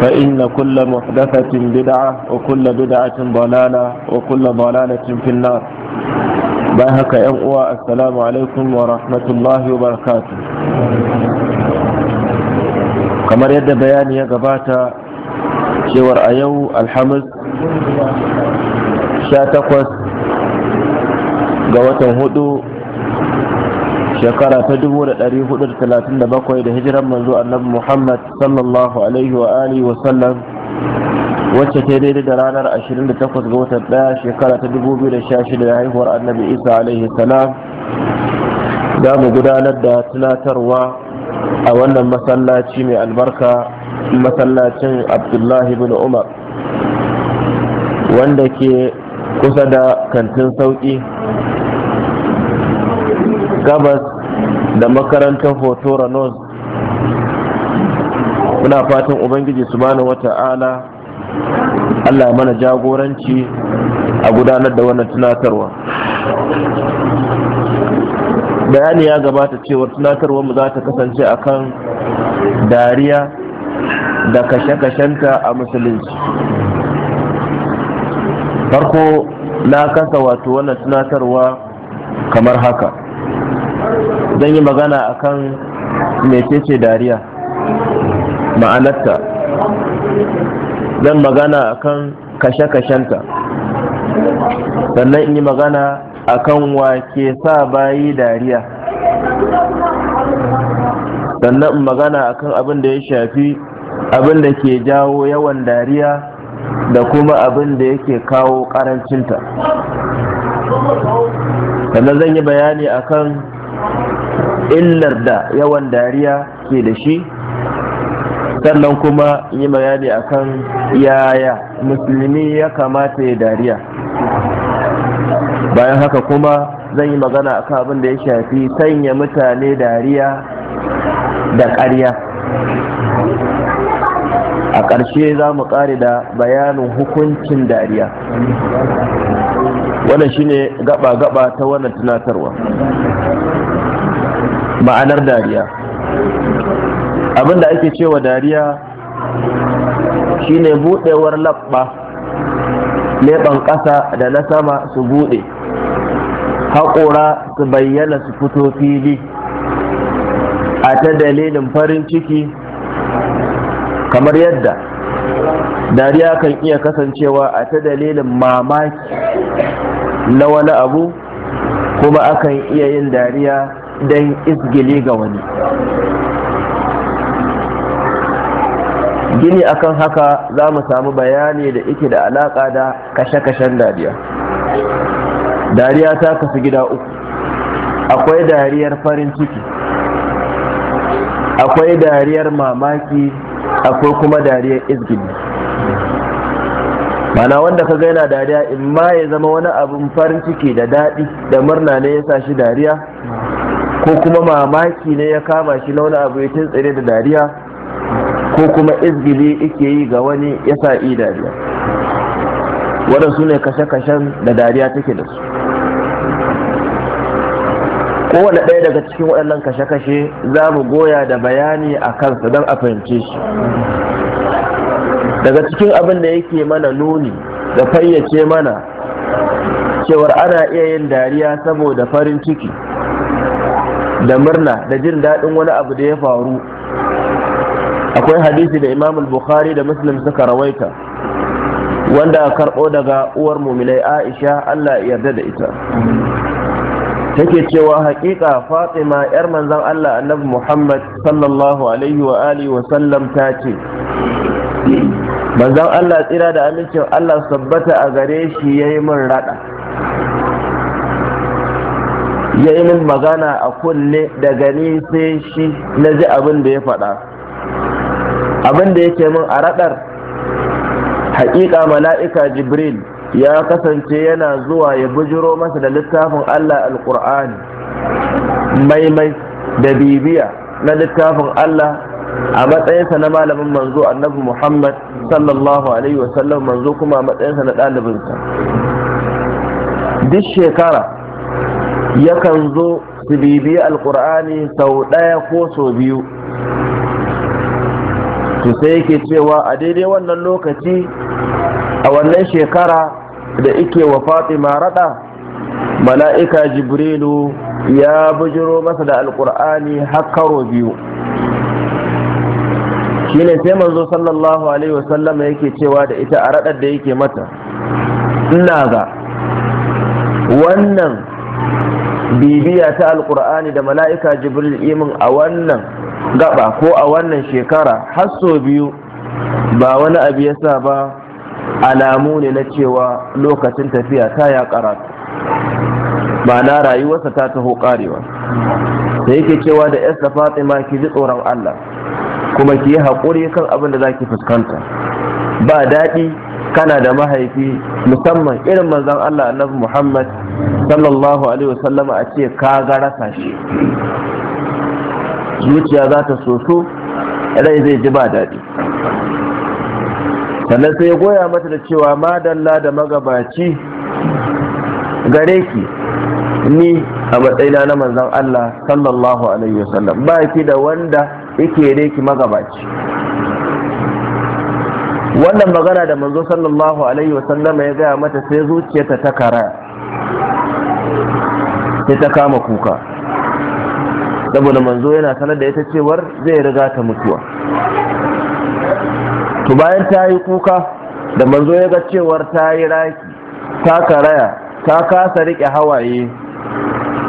فإن كل محدثة بدعة وكل بدعة ضلالة وكل ضلالة في النار باهك يمقوى السلام عليكم ورحمة الله وبركاته كما يد بياني يا قباتا شور أيو الحمد شاتقوس قوة هدو shekara ta dubu da hudu hijiran manzo annabi Muhammad sallallahu alaihi wa alihi wa sallam wacce ta daidai da ranar 28 ga watan ɗaya shekara ta dubu 2016 da haihuwar annabi Isa alaihi salam za mu gudanar da tunatarwa a wannan masallaci mai albarka masallacin Abdullahi bin Umar wanda ke kusa da kantin sauki gabas da makarantar hoto ranos muna fatan ubangiji su wata wata'ala allah mana jagoranci a gudanar da wannan tunatarwa bayani ya gabata cewar tunatarwar mu za ta kasance kan dariya da kashe-kashenta a musulunci farko na kasa wato wannan tunatarwa kamar haka zan yi magana akan mecece dariya ma'anarta zan magana kan kashe-kashenta sannan in yi magana akan wake sa bayi dariya sannan in magana akan abin da ya shafi abin da ke jawo yawan dariya da kuma abin da yake kawo karancinta sannan zan yi bayani akan illar da yawan dariya ke da shi sannan kuma yi bayani akan yaya musulmi ya kamata ya dariya bayan haka kuma zan yi magana akan abin da ya shafi sanya mutane dariya da ƙarya a ƙarshe za mu ƙare da bayanin hukuncin dariya wannan shine gaba-gaba ta wannan tunatarwa ma'anar dariya abinda ake cewa dariya shine buɗewar labba leɓen ƙasa da na sama su buɗe haƙura su bayyana su fito fili a ta dalilin farin ciki kamar yadda dariya kan iya kasancewa a ta dalilin mamaki na wani abu kuma akan iya yin dariya don isgile ga wani gini akan haka za mu samu bayani da ike da alaƙa da kashe-kashen dariya dariya ta kasu gida uku akwai dariyar farin ciki akwai dariyar mamaki akwai kuma dariyar izgini mana wanda ka gaina dariya in ma ya zama wani abin farin ciki da daɗi da murna ne ya sa shi dariya ko kuma mamaki ne ya kama shi na wani abu ya tsere da dariya ko kuma izgili yake yi ga wani ya sa i dariya waɗansu ne kashe-kashen da dariya take da su kowane ɗaya daga cikin waɗannan kashe-kashe za mu goya da bayani a kansa don a fahimce shi daga cikin abin da yake mana nuni da fayyace mana cewar ana iya yin dariya saboda farin ciki da murna da jin daɗin wani abu da ya faru akwai hadisi da imamul bukhari da muslim suka rawaita wanda a karɓo daga uwar muminai aisha allah yarda da ita take cewa haƙiƙa fatima yar manzan allah annabi muhammad sallallahu alaihi wa alihi wa sallam ta ce manzan allah tsira da amincin allah sabbata a gare shi yayi min raɗa ya yi min magana a kunne daga ni sai shi na ji abin da ya faɗa abin da yake min a raɗar haƙiƙa mala'ika jibril ya kasance yana zuwa ya bujiro masa da littafin allah alƙur'ani maimai da bibiya na littafin allah a matsayinsa na malamin manzo annabi muhammad sallallahu alaihi wasallam manzo kuma a matsayinsa na ɗalibinsa duk shekara yakan zo su bibiyi alkur'ani sau ɗaya ko sau biyu su sai yake cewa a daidai wannan lokaci a wannan shekara da ike wa fatima raɗa mala'ika jibrilu ya bujiro masa da alkur'ani har karo biyu shine sai manzo sallallahu alaihi wasallama yake cewa da ita a raɗar da yake mata ina ga wannan bibiya ta alkur'ani da mala'ika jibril imin a wannan gaba ko a wannan shekara har so biyu ba wani abu ya sa ba alamu ne na cewa lokacin tafiya ta ya karatu na rayuwarsa ta taho karewa da yake cewa da yasta fatima ki ji tsoron allah kuma ki yi haƙuri kan abin da za ki fuskanta ba daɗi kana da mahaifi musamman irin manzon Allah annabi Muhammad sallallahu alaihi wasallama a ce ka ga rasa shi zuciya za ta soso rai zai ji ba daɗi sannan sai goya mata da cewa madalla da magabaci gare ki ni a matsayina na manzon Allah sallallahu alaihi wasallam ba ki da wanda yake reki magabaci wannan magana da manzo sallallahu alaihi wasallama ya gaya mata sai zuciyarta ta kara sai ta kama kuka saboda manzo yana sanar da ita cewar zai riga ta mutuwa to bayan ta yi kuka da manzo ya ga cewar ta yi raki ta karaya ta kasa riƙe hawaye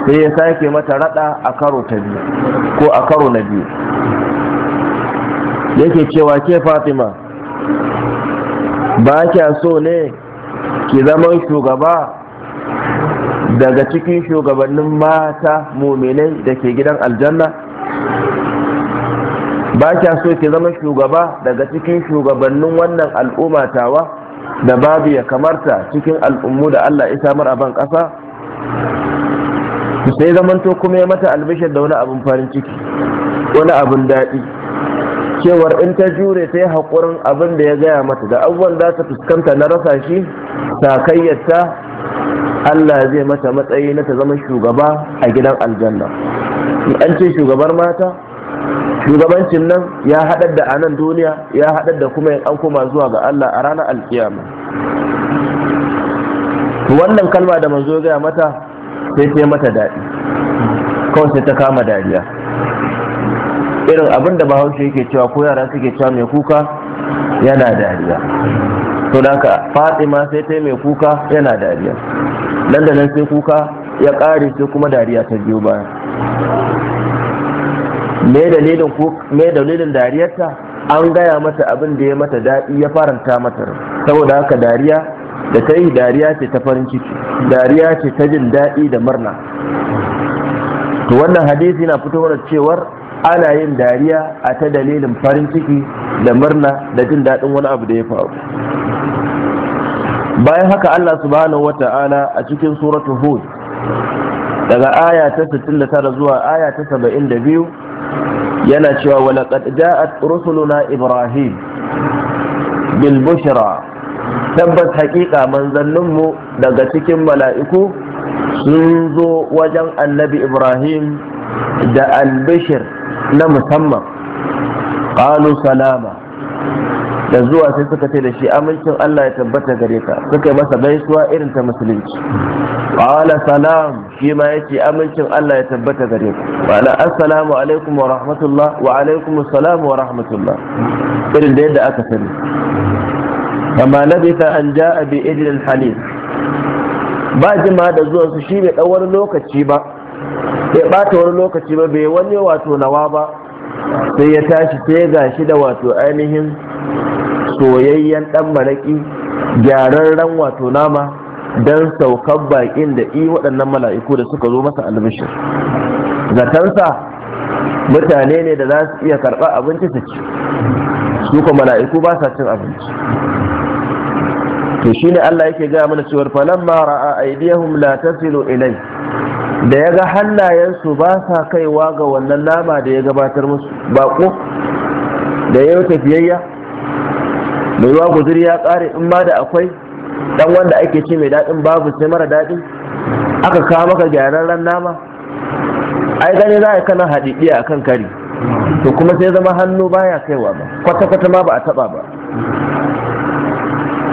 sai ya sake mata rada a karo ta biyu ko a karo na biyu yake cewa ke fatima ba kya so ne ki zama shugaba daga cikin shugabannin mata muminai da ke gidan aljanna ba kya so ki zama shugaba daga cikin shugabannin wannan al'umma tawa da babu ya kamarta cikin al'ummu da Allah ya samar a ban ƙasa sai zamanto kuma ya mata albishir da wani abin farin ciki wani abin daɗi cewar in ta jure ta yi haƙurin abin da ya gaya mata da abubuwan za ta fuskanta na rasa shi sakayyarta Allah zai mata matsayi na ta zama shugaba a gidan aljanna an ce shugabar mata shugabancin nan ya haɗar da anan duniya ya haɗar da kuma an koma zuwa ga Allah a ranar alkiyama wannan kalma da manzo gaya mata sai ta mata daɗi kawai sai ta kama dariya irin abin da bahaushe yake cewa ko yara suke cewa mai kuka yana dariya to da ka fatima sai ta mai kuka yana dariya nan da nan sai kuka ya ƙare sai kuma dariya ta biyo baya me dalilin dariyarta an gaya mata abin da ya mata daɗi ya faranta mata saboda haka dariya da ta yi dariya ce ta farin ciki dariya ce ta jin daɗi da murna to wannan hadisi na fito da cewar ana yin dariya a ta dalilin farin ciki da murna da jin daɗin wani abu da ya faru bayan haka Allah subhanahu wa ta'ala a cikin suratul hud daga aya ta 69 zuwa aya ta 72 yana cewa wa laqad ja'at rusuluna ibrahim bil bushra tabbas haƙiƙa manzanninmu daga cikin mala'iku sun zo wajen annabi ibrahim da albishir na musamman qalu salama da zuwa sai suka ce da shi amincin Allah ya tabbata gare ka suka yi masa gaisuwa irin ta musulunci qala salam shi ma yace amincin Allah ya tabbata gare ka wala assalamu alaikum wa rahmatullah wa alaikum assalam wa rahmatullah irin da yadda aka sani amma labitha an ja a bi idlil halim ba jima da zuwansu shi bai dan wani lokaci ba bai bata wani lokaci ba bai wani wato nawa ba sai ya tashi sai ga shi da wato ainihin soyayyen dan maraki gyararren wato nama don saukan bakin da i waɗannan mala'iku da suka zo masa albishir zatansa mutane ne da za su iya karɓa abinci su ci su mala'iku ba sa cin abinci to shine Allah yake gaya mana cewar falamma ra'a aydihum la tasilu ilai da ya ga hannayensu ba sa kaiwa ga wannan nama da ya gabatar musu baƙo da ya yi tafiyayya mai ruwa guzuri ya kare in ma da akwai dan wanda ake ce mai daɗin babu sai mara daɗi aka kawo maka gyaran gyararren nama ai gani za a kana haɗiɗi a kan kari to kuma sai zama hannu baya kaiwa ba kwata-kwata ma ba a taɓa ba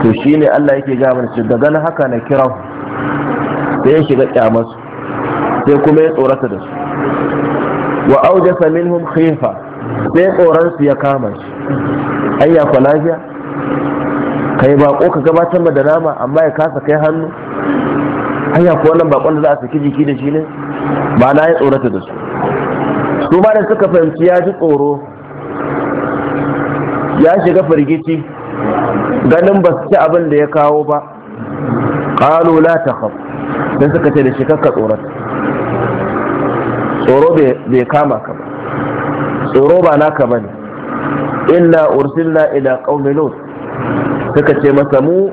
to shi ne Allah yake ga mana daga na haka na kiran sai ya shiga kyamarsu sai kuma ya tsorata da su wa aujasa minhum khifa sai tsoron su ya kama shi ayya ku lafiya kai bako ka gabatar da nama amma ya kasa kai hannu ayya ko wannan bakon da za a saki jiki da shi ne ba na ya tsorata da su su ma da suka fahimci ya ji tsoro ya shiga firgici ganin ba su ci abin da ya kawo ba ƙalo la ta dan suka ce da shi kakka tsorata tsoro bai kama ka ba tsoro ba naka ba ne inna ursilna ila qaumi lut suka ce masa mu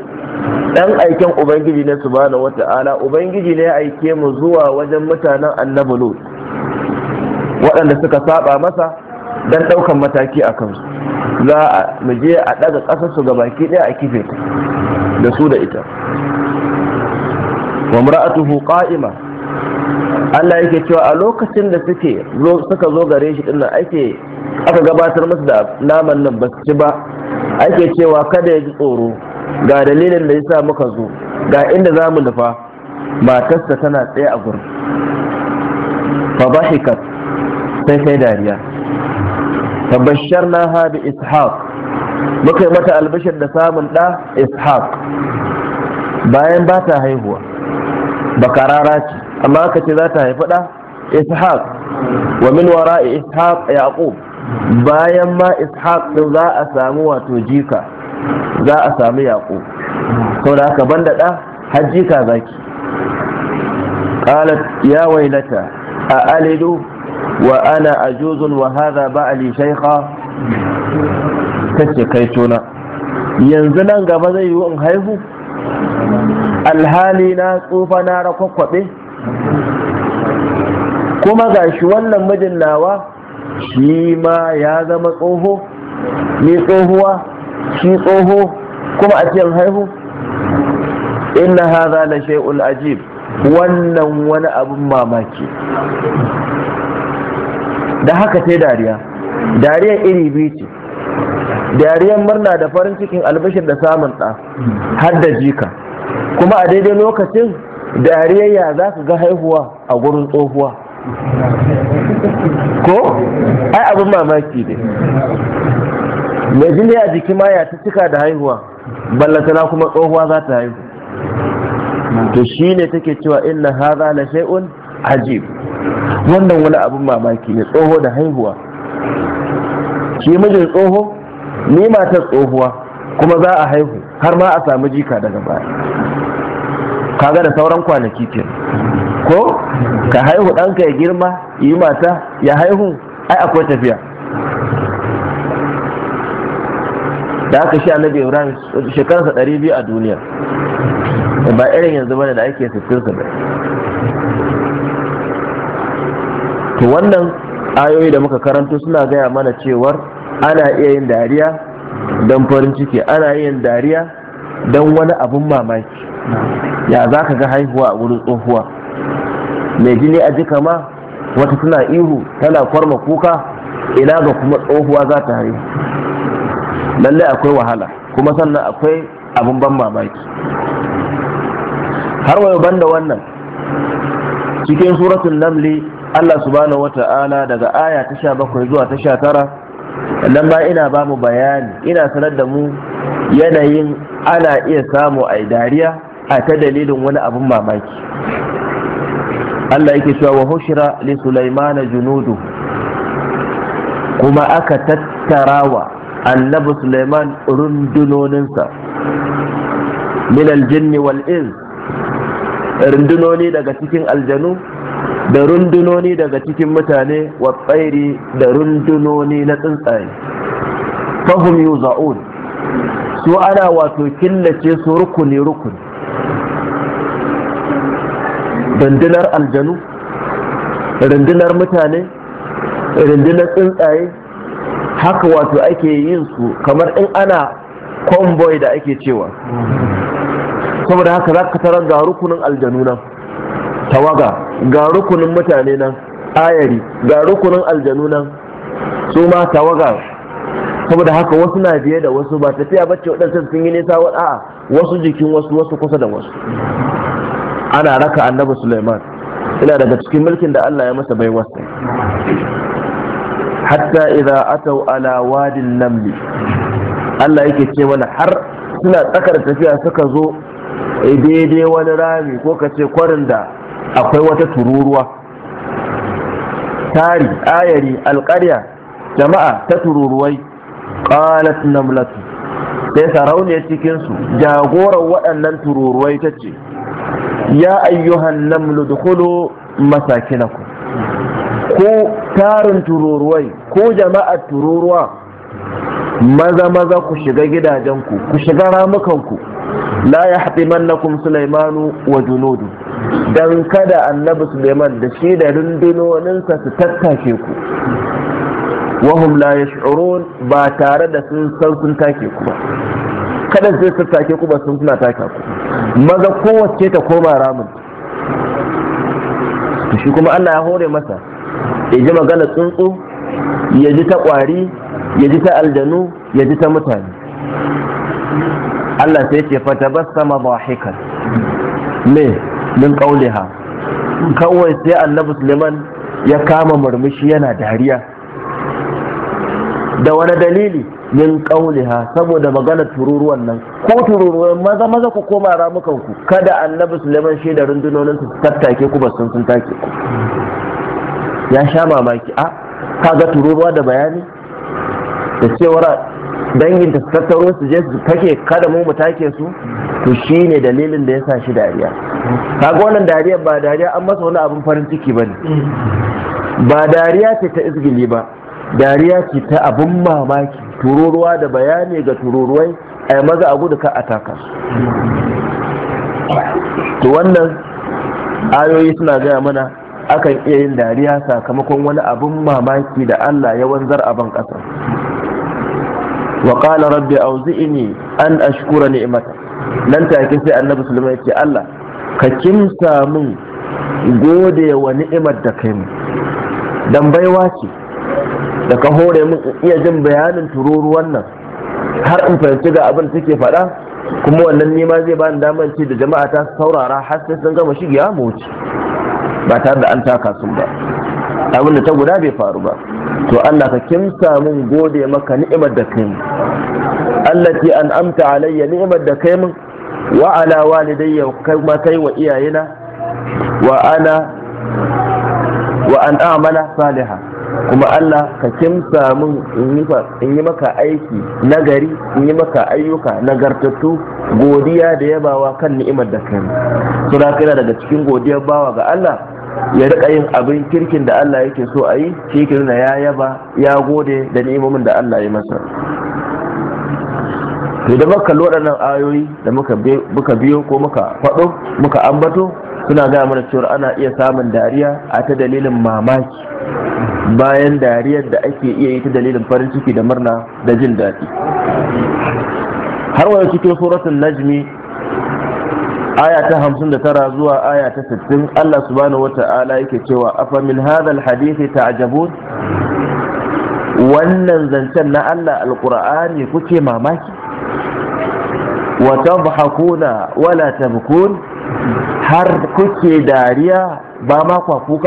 ɗan aikin ubangiji ne subhanahu wata'ala ubangiji ne ya aike mu zuwa wajen mutanen annabi lut waɗanda suka saba masa dan ɗaukan mataki a kansu za a muje a ɗaga ƙasarsu ga baki ɗaya a kife dasu da su da ita wa mar'atuhu qa'ima Allah yake cewa a lokacin da suke suka zo gare shi dinnan ake aka gabatar musu da naman nan ba ci ba ake cewa kada ya ji tsoro ga dalilin da yasa muka zo ga inda za mu nufa matarsa tana tsaye a gurin fa bahikat sai sai dariya fa basharna ha bi ishaq muka mata albishir da samun da ishaq bayan ba ta haihuwa bakarara ce amma aka ce za ta haifi ɗa ishaq wa min wara'i ishaq yaqub bayan ma ishaq din za a samu wato jika za a samu yaqub saboda haka banda ɗa har jika zaki qalat ya wailata a alidu wa ana ajuzun wa hadha ba'li shaykha tace kai tona yanzu nan gaba zai yiwu in haihu alhali na tsufa na rakwakwabe kuma ga shi wannan mijin nawa shi ma ya zama tsoho ni tsohuwa shi tsoho kuma a cikin haihu inna hadha la shay'un ajib wannan wani abun mamaki da haka sai dariya dariyar iri biyu ce dariyar murna da farin cikin albashin da samun ɗa har da jika kuma a daidai lokacin dariyayya za ka ga haihuwa a gurin tsohuwa ko ai abin mamaki ne mai jini a jiki ma ya ta cika da haihuwa ballatana kuma tsohuwa za ta haihu to shi ne take cewa inna haza la shay'un ajib wannan wani abin mamaki ne tsoho da haihuwa shi mijin tsoho ni matar tsohuwa kuma za a haihu har ma a samu jika daga baya kaga da sauran kwanaki ke ko ka haihu ɗanka ya girma yi mata ya haihu ai akwai tafiya da aka shi annabi ibrahim shekararsa ɗari biyu a duniya ba irin yanzu bane da ake sittin sa to wannan ayoyi da muka karanto suna gaya mana cewar ana iya yin dariya don farin ciki ana yin dariya don wani abun mamaki ya za ka ga haihuwa a wurin tsohuwa mai jini a jika ma wata tana ihu tana kwarma kuka ina ga kuma tsohuwa za ta haihu lallai akwai wahala kuma sannan akwai abin ban mamaki har wayo da wannan cikin suratun namli Allah subhanahu ta'ala daga aya ta sha bakwai zuwa ta sha tara sannan ba ina ba mu bayani ina sanar da mu yanayin ana iya samu a dariya a ta dalilin wani abin mamaki Allah yake cewa wa hushira li Sulaiman junudu kuma aka tattarawa annabi Sulaiman rundunoninsa min aljinni wal in rundunoni daga cikin aljanu da rundunoni daga cikin mutane wa tsairi da rundunoni na tsuntsaye fahim yuza'un su ana wato killace su rukuni rukuni rundunar aljanu rundunar mutane rundunar tsuntsaye haka wato ake yin su kamar in ana convoy da ake cewa saboda haka za ka tara ga rukunin aljanu nan tawaga ga rukunin mutane nan ayari ga rukunin aljanu nan su ma tawaga saboda haka wasu na biye da wasu ba tafiya bacci waɗansu sun yi nisa a, wasu jikin wasu wasu kusa da wasu ana raka annabi Sulaiman ina daga cikin mulkin da Allah ya masa baiwarsa hatta idza atau ala wadin namli Allah yake ce mana har suna tsakar tafiya suka zo daidai wani rami ko kace kwarin da akwai wata tururuwa tari ayari alƙarya jama'a ta tururuwai qalat namlatu sai sarauniya cikinsu jagoran waɗannan tururuwai ta ce ya ayyuhan namlu dukhulu masakinaku ko tarin tururuwai ko jama'ar tururuwa maza maza ku shiga gidajenku ku shiga ramukanku la ya mannakun sulaimanu wa junudu don kada annabi suleiman da shi da rundunoninsa su tattake ku wahum la yash'urun ba tare da sun san take ku ba kadan sai su take ku ba sun kuna taka ku maza kowace ta koma ramin shi kuma Allah ya hore masa ya ji magana tsuntsu ya ji ta kwari ya ji ta aljanu ya ji ta mutane Allah sai ce fata bas sama dhahikan me min qauliha kawai sai annabi Suleiman ya kama murmushi yana dariya da wani dalili min qauliha saboda maganar tururuwan nan ko tururuwan maza maza ku koma ramukan ku kada annabi Sulaiman shi da rundunonin su tattake ku basun sun take ku ya sha mamaki a kaga tururuwa da bayani da cewar dangin ta tattaro su je su take kada mu mu take su to shine dalilin da ya sa shi dariya kaga wannan dariya ba dariya an masa wani abin farin ciki bane ba dariya ce ta izgili ba dariya ce ta abin mamaki tururuwa da bayani ga tururuwai a maza a gudu ka a taka to wannan ayoyi suna gaya mana akan iya yin dariya sakamakon wani abin mamaki da Allah ya wanzar a ban ƙasa waƙala qala rabbi auzi'ini an ashkura ni'mata nan take sai annabi sulaiman ya ce Allah ka kimsa min gode wa ni'imar da kai mu dan baiwa ce da ka hore min in iya jin bayanin tururuwan nan har in fahimci ga abin suke faɗa kuma wannan nema zai bani damar ce da jama'a ta saurara har sai sun gama shigiya mu wuce ba tare da an taka sun ba abin da ta guda bai faru ba to Allah ka kimsa mun gode maka ni'imar da kai allati an amta alayya ni'imar da kai min wa ala walidayya ma kai wa iyayena wa ana wa an a'mala salihah kuma Allah ka kimsa mun in yi maka aiki na gari, in yi maka ayyuka nagartattu godiya da yabawa kan ni'imar da kai so da daga cikin godiyar bawa ga Allah ya rika yin abin kirkin da Allah yake so a yi shi ke nuna ya yaba ya gode da ni'imomin da Allah ya masa to da muka lura nan ayoyi da muka biyo ko muka faɗo muka ambato suna gaya mana cewa ana iya samun dariya a ta dalilin mamaki bayan dariyar da ake iya yi ta dalilin farin ciki da murna da jin daɗi har wani cikin suratun najmi aya ta hamsin da tara zuwa aya ta sittin allah subhanahu wata'ala yake cewa afa min hadal hadithi ta'jabun wannan zancen na allah alqur'ani kuke mamaki wa tabhakuna wala tabkun har kuke dariya ba ma kwa kun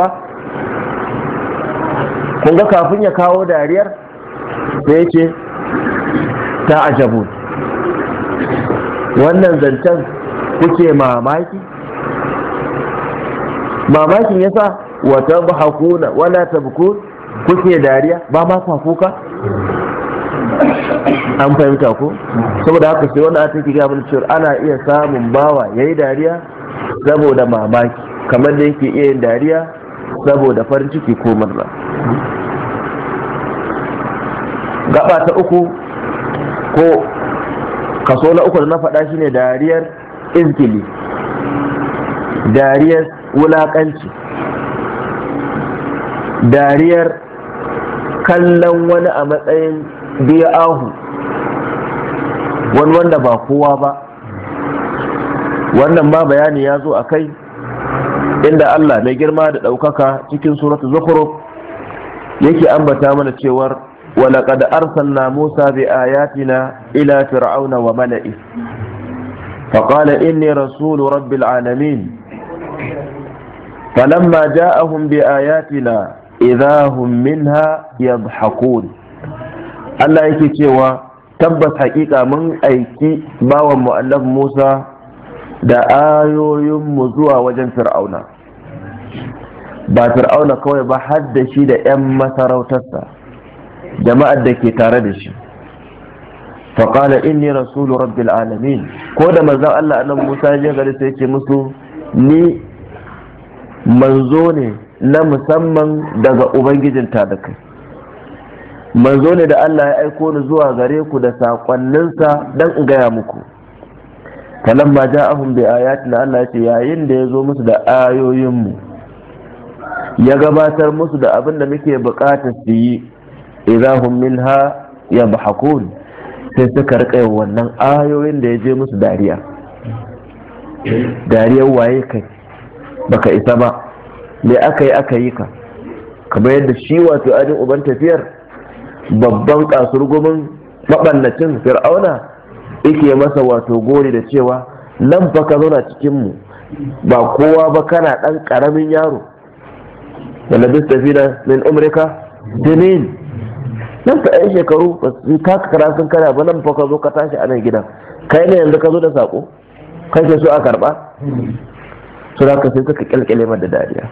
ga kafin ya kawo dariyar da yake ta ajabu wannan zancen kuke mamaki mamakin yasa wata hakuna wala tabkun kuke dariya ba ma kwa an fahimta ko saboda haka sai wanda a cikin mana cewa ana iya samun bawa yayi dariya saboda mamaki kamar da yake iya yin dariya saboda farin ciki ko murna gaba ta uku ko kaso na uku da na faɗa shine dariyar izgili dariyar wulaƙanci dariyar kallon wani a matsayin biya ahu wani wanda ba kowa ba wannan ma bayani ya zo a kai inda Allah mai girma da ɗaukaka cikin suratul zukhru yake ambata mana cewar wa laqad arsalna musa bi ayatina ila fir'auna wa mala'i fa qala inni rasulu rabbil alamin falamma ja'ahum bi ayatina idha hum minha yadhhakun Allah yake cewa tabbas haƙiƙa mun aiki bawan mu'allaf Musa da ayoyinmu zuwa wajen fir'auna ba fir'auna kawai ba har da shi da 'yan masarautarsa jama'ar da ke tare da shi faƙala inni rasulu rabbil alamin ko da manzan allah annabi musa ya gari sai ke musu ni manzo ne na musamman daga ubangijin ta manzo ne da allah ya aiko ni zuwa gare ku da saƙonninsa don in gaya muku falamma ja'ahum bi ayatina Allah ya yayin da ya zo musu da mu ya gabatar musu da abin da muke bukatar su yi idahum minha yabhakun sai suka rika wannan ayoyin da ya je musu dariya dariya waye kai baka isa ba me aka yi aka yi ka kamar yadda shi wato ajin uban tafiyar babban kasurgumin mabannacin fir'auna yake masa wato gori da cewa nan fa ka zauna cikinmu ba kowa ba kana ɗan ƙaramin yaro da bista fi min amurka sinin nan fa yan shekaru ba su ta kakara sun kana ba nan fa ka zo ka tashi a nan gidan kai ne yanzu ka zo da saƙo kai ke so a karɓa su za ka sai suka ƙyalƙyale mar da dariya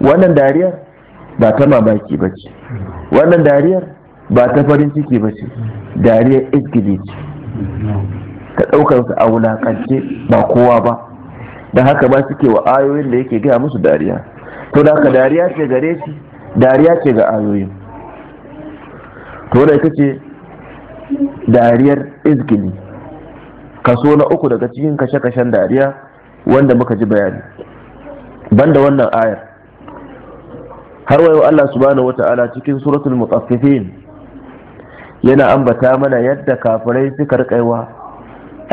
wannan dariyar ba ta mamaki ba ce wannan dariyar ba ta farin ciki ba ce dariyar izgili ce ka ɗaukar su a wulaƙance ba kowa ba da haka ba suke wa ayoyin da yake gaya musu dariya to da haka dariya ce gare shi dariya ce ga ayoyin to da ita ce dariyar izgili kaso na uku daga cikin kashe-kashen dariya wanda muka ji bayani banda wannan ayar har wayo Allah subhanahu wata'ala cikin suratul mutaffifin yana ambata mana yadda kafirai suka rikaiwa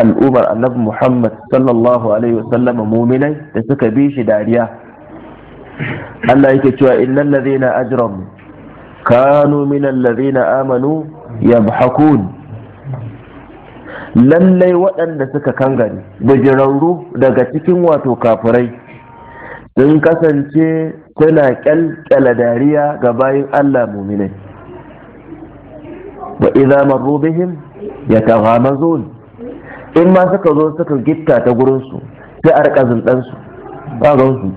al'ummar annabi muhammad sallallahu alaihi wasallam muminai da suka bi shi dariya Allah yake cewa inna ladhina ajram kanu minal ladhina amanu yabhakun lallai waɗanda suka kangare bijirarru daga cikin wato kafirai sun kasance suna kyalkyala dariya ga bayin Allah muminai wa idza marru bihim yataghamazun in ma suka zo suka gitta ta gurin su sai a rika zundan su ba ga su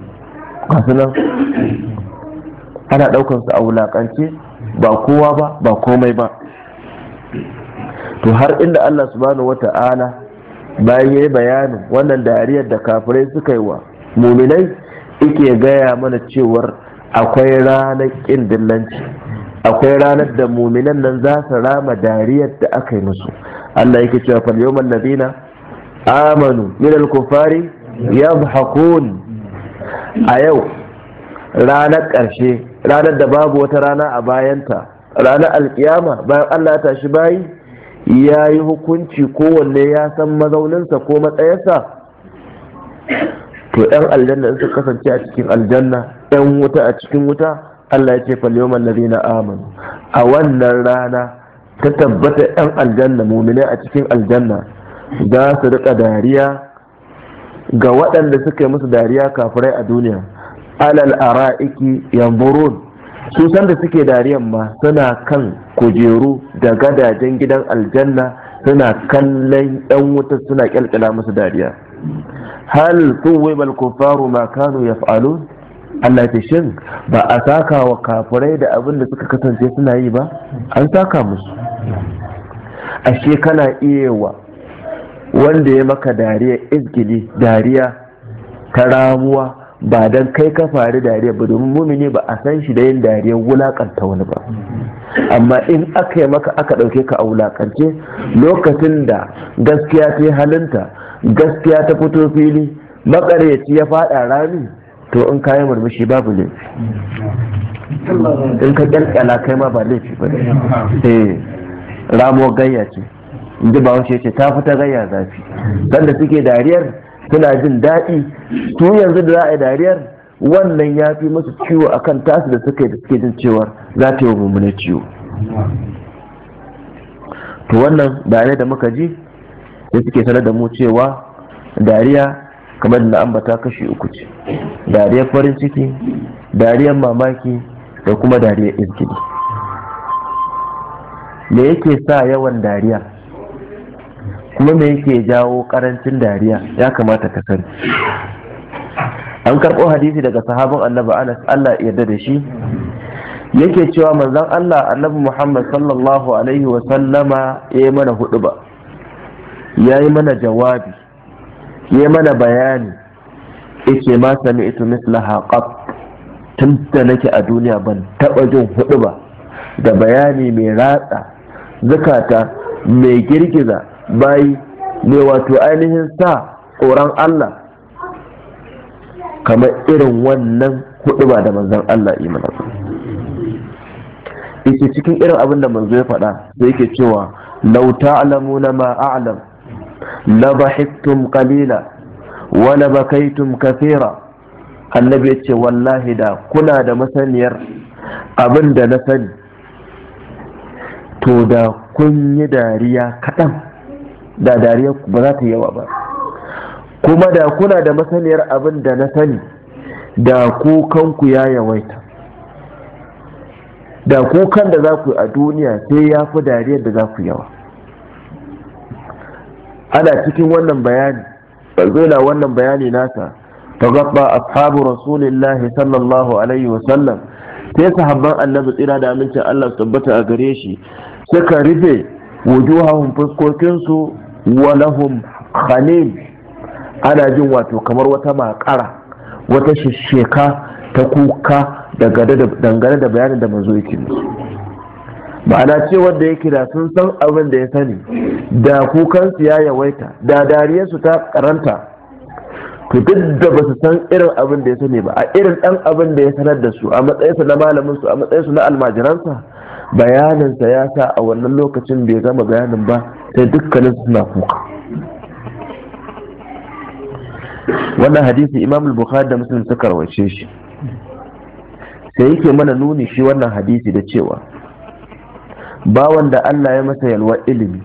ana daukan su a wulakance ba kowa ba ba komai ba to har inda Allah subhanahu wata'ala bai yi bayanin wannan dariyar da kafirai suka yi wa muminai yake gaya mana cewar akwai ranar ƙin dillanci akwai ranar da muminan nan za su rama dariyar da aka yi musu Allah yake cewa fal yawmal ladina amanu min al kufari yadhhakun a yau ranar karshe ranar da babu wata rana a bayanta ranar alƙiyama bayan Allah ya tashi bayi ya yi hukunci kowanne ya san mazauninsa ko matsayarsa to 'yan aljanna in sun kasance a cikin aljanna 'yan wuta a cikin wuta Allah ya ce fal yawmal ladina amanu a wannan rana ta tabbata yan aljanna mumine a cikin aljanna za su rika dariya ga waɗanda suka yi musu dariya kafirai a duniya alal ara'iki yanzurun su da suke dariyan ma suna kan kujeru da gadajen gidan aljanna suna kallon yan wuta suna kyalkyala musu dariya hal tuwibal kufaru ma ya fa'alu Allah ce shin ba a saka wa kafirai da abin da suka kasance suna yi ba an saka musu ashe kana iya wa wanda ya maka dariya izgili dariya ta ramuwa ba don kai ka faru dariya ba domin mumini ba a san shi da yin dariya wulakanta wani ba amma in aka yi maka aka ɗauke ka a wulakance lokacin da gaskiya ta yi halinta gaskiya ta fito fili makaryaci ya faɗa rami to in ka yi murmushi babu laifi in ka kyalkyala kai ma ba laifi ba ne eh, ramo gayya ce in ji bahaushe ce ta fita gayya zafi sanda suke dariyar suna jin daɗi tun yanzu da za a yi dariyar wannan ya fi musu ciwo akan tasu da suka da suke jin cewar za ta yi mummuna ciwo to wannan bayanai da muka ji da suke sanar da mu cewa dariya kamar da ambata kashi uku ce dariyar farin ciki dariyar mamaki da kuma dariyar izgidi me yake sa yawan dariya kuma me yake jawo karancin dariya ya kamata ka sani an karɓo hadisi daga sahabin annabi anas allah yarda da shi yake cewa manzon allah annabi muhammad sallallahu alaihi wasallama ya yi mana hudu ba ya yi mana jawabi ya mana bayani ike ma sami'tu mislaha haƙaf tun da nake a duniya ban taɓa jin hudu ba da bayani mai ratsa zukata, mai girgiza bayi mai wato ainihin sa tsoron Allah kamar irin wannan hudu ba da manzan Allah mana yake cikin irin abin da manzo ya faɗa da yake cewa lauta alamu na a'lam labahitum qalila wa labakaitum kathira annabi ya ce wallahi da kuna da masaniyar abin da na sani to da kun yi dariya kaɗan da dariya ba za ta yawa ba kuma da kuna da masaniyar abin da na sani da kukanku ya yawaita da kukan da za ku yi a duniya sai ya fi dariyar da za ku yawa ana cikin wannan bayani banzo wannan bayani nasa gaba ashabu rasulillahi sallallahu alaihi wa sallam sai sahabban annabi tsira da amincin Allah tabbata a gare shi suka rufe wujuhahum fuskokinsu wa lahum khalil ana jin wato kamar wata makara wata shisheka ta kuka dangane da bayanin da manzo yake musu ma'ana ce wanda ya kira sun san abin da ya sani da kukansu ya yawaita da dariyarsu ta karanta to duk da ba su san irin abin da ya sani ba a irin dan abin da ya sanar da su a matsayinsa na malaminsu a matsayinsu na almajiransa bayaninsa ya sa a wannan lokacin bai gama bayanin ba sai dukkanin suna kuka wannan hadisi imam bukhari da muslim suka rawace shi sai yake mana nuni shi wannan hadisi da cewa bawan da Allah ya masa yalwa ilimi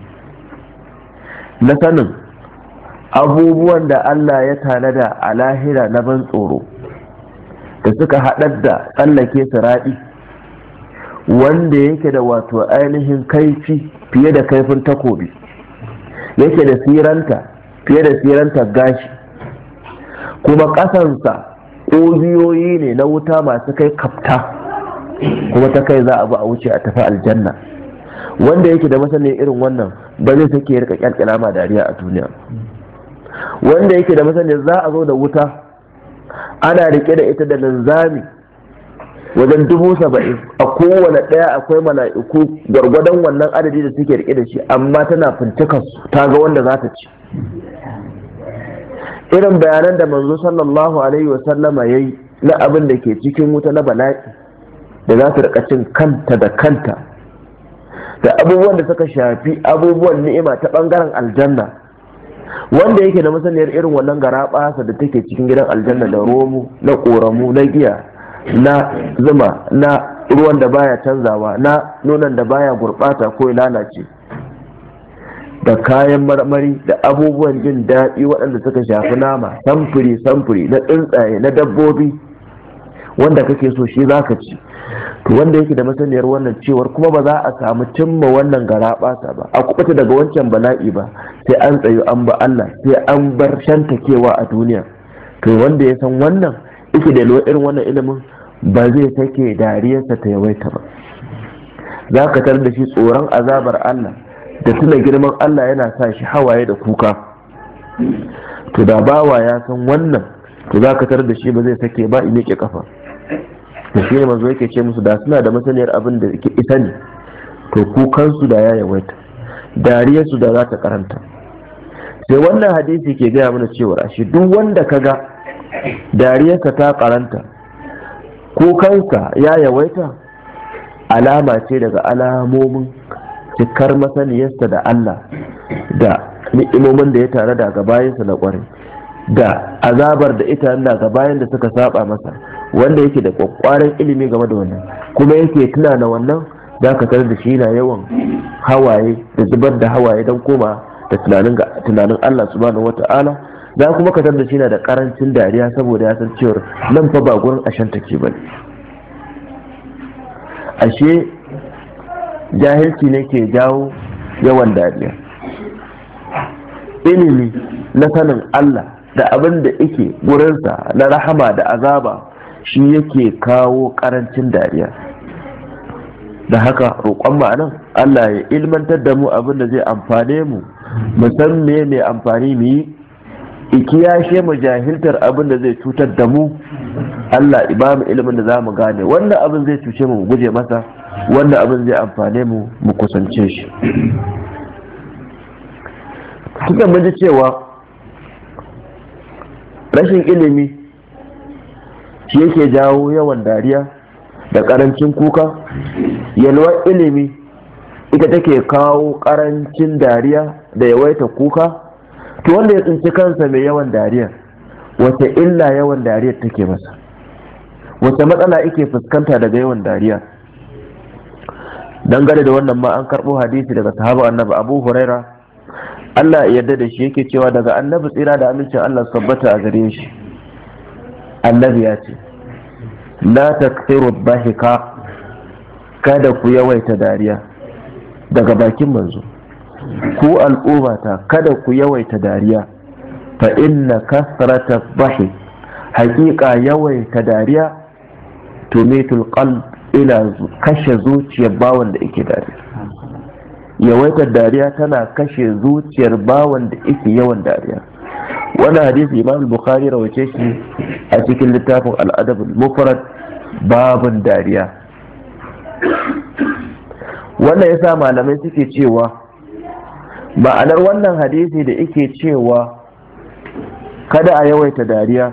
na sanin abubuwan da Allah ya tanada a lahira na ban tsoro da suka haɗar da tsallake siraɗi wanda yake da wato ainihin kaifi fiye da kaifin takobi yake da siranta fiye da siranta gashi kuma ƙasansa ƙugiyoyi ne na wuta masu kai kafta kuma ta kai za a bi a wuce a tafi aljanna wanda yake da masaniyar irin wannan ba zai sake ya rika kyalkyala ma dariya a duniya wanda yake da masaniyar za a zo da wuta ana rike da ita da linzami wajen dubu saba'in a kowane ɗaya akwai mala'iku gwargwadon wannan adadi da suke rike da shi amma tana fintikan su ta ga wanda za ta ci irin bayanan da manzo sallallahu alaihi wa ya yi na abin da ke cikin wuta na bala'i da za ta rika cin kanta da kanta da abubuwan da suka shafi abubuwan ni'ima ta bangaren aljanna wanda yake da masaniyar irin wannan garaɓasa da take cikin gidan aljanna da romu na koramu na giya na zuma na ruwan da baya canzawa na nonon da baya gurɓata ko lalace da kayan marmari da abubuwan jin daɗi waɗanda suka shafi nama samfuri samfuri na tsuntsaye na dabbobi wanda kake so shi zaka ci wanda yake da masaniyar wannan cewar kuma ba za a samu cimma wannan gara ba a kuɓata daga wancan bala'i ba sai an tsayu an ba Allah sai an bar shantakewa a duniya to wanda ya san wannan yake da irin wannan ilimin ba zai take dariyarsa ta yawaita ba za ka tar da shi tsoron azabar Allah da tuna girman Allah yana sa shi hawaye da kuka to da bawa ya san wannan to za ka tar da shi ba zai sake ba in yake kafa da shi ne manzo yake ce musu da suna da masaniyar abin da ke ita ne to kukansu da ya yawaita su da za ta karanta sai wannan hadisi ke gaya mana cewa ashe duk wanda ka ga dariyarsa ta karanta kukansa ya yawaita alama ce daga alamomin cikar masaniyarsa da Allah da ni'imomin da ya tare daga bayansa na kwarai da azabar da ita daga gabayin da suka saba masa wanda yake da kwakwaran ilimi game da wannan kuma yake tuna da wannan za ka tarar da shi na yawan hawaye da zubar da hawaye don koma da tunanin Allah subhanahu wata'ala za kuma ka tarar da shi na da karancin dariya saboda ya san cewar nan fa ba gurin ashen take ba ashe jahilci ne ke jawo yawan dariya ilimi na sanin Allah da abin da yake gurinsa na rahama da azaba shi yake kawo karancin dariya da haka roƙon ma'anan Allah ya ilmantar da mu abin da zai amfane mu mu san me mai amfani mu yi ikiyashe mu jahiltar abin da zai cutar da mu Allah ba mu ilimin da za mu gane wannan abin zai cuce mu mu guje masa wannan abin zai amfane mu mu kusance shi kuka mun cewa rashin ilimi shi yake jawo yawan dariya da karancin kuka yalwar ilimi ita take kawo karancin dariya da yawaita kuka to wanda ya tsinci kansa mai yawan dariya, wata illa yawan dariya take masa wata matsala ike fuskanta daga yawan dariya dangane da wannan ma an karbo hadisi daga sahaba annabi abu huraira Allah ya yarda da shi yake cewa daga annabi tsira da amincin Allah sabbata a gare shi annabi ya ce la takthiru dhahika kada ku yawaita dariya daga bakin manzo ku al'ubata kada ku yawaita dariya fa inna kasrata dhahik haƙiƙa yawaita dariya tumitul qalb ila kashe zuciyar bawan da yake dariya yawaitar dariya tana kashe zuciyar bawan da yake yawan dariya wannan hadisi imam bukhari rawace shi a cikin littafin al'adab mufrad babun dariya wannan yasa malamai suke cewa ma'anar wannan hadisi da ike cewa kada a yawaita dariya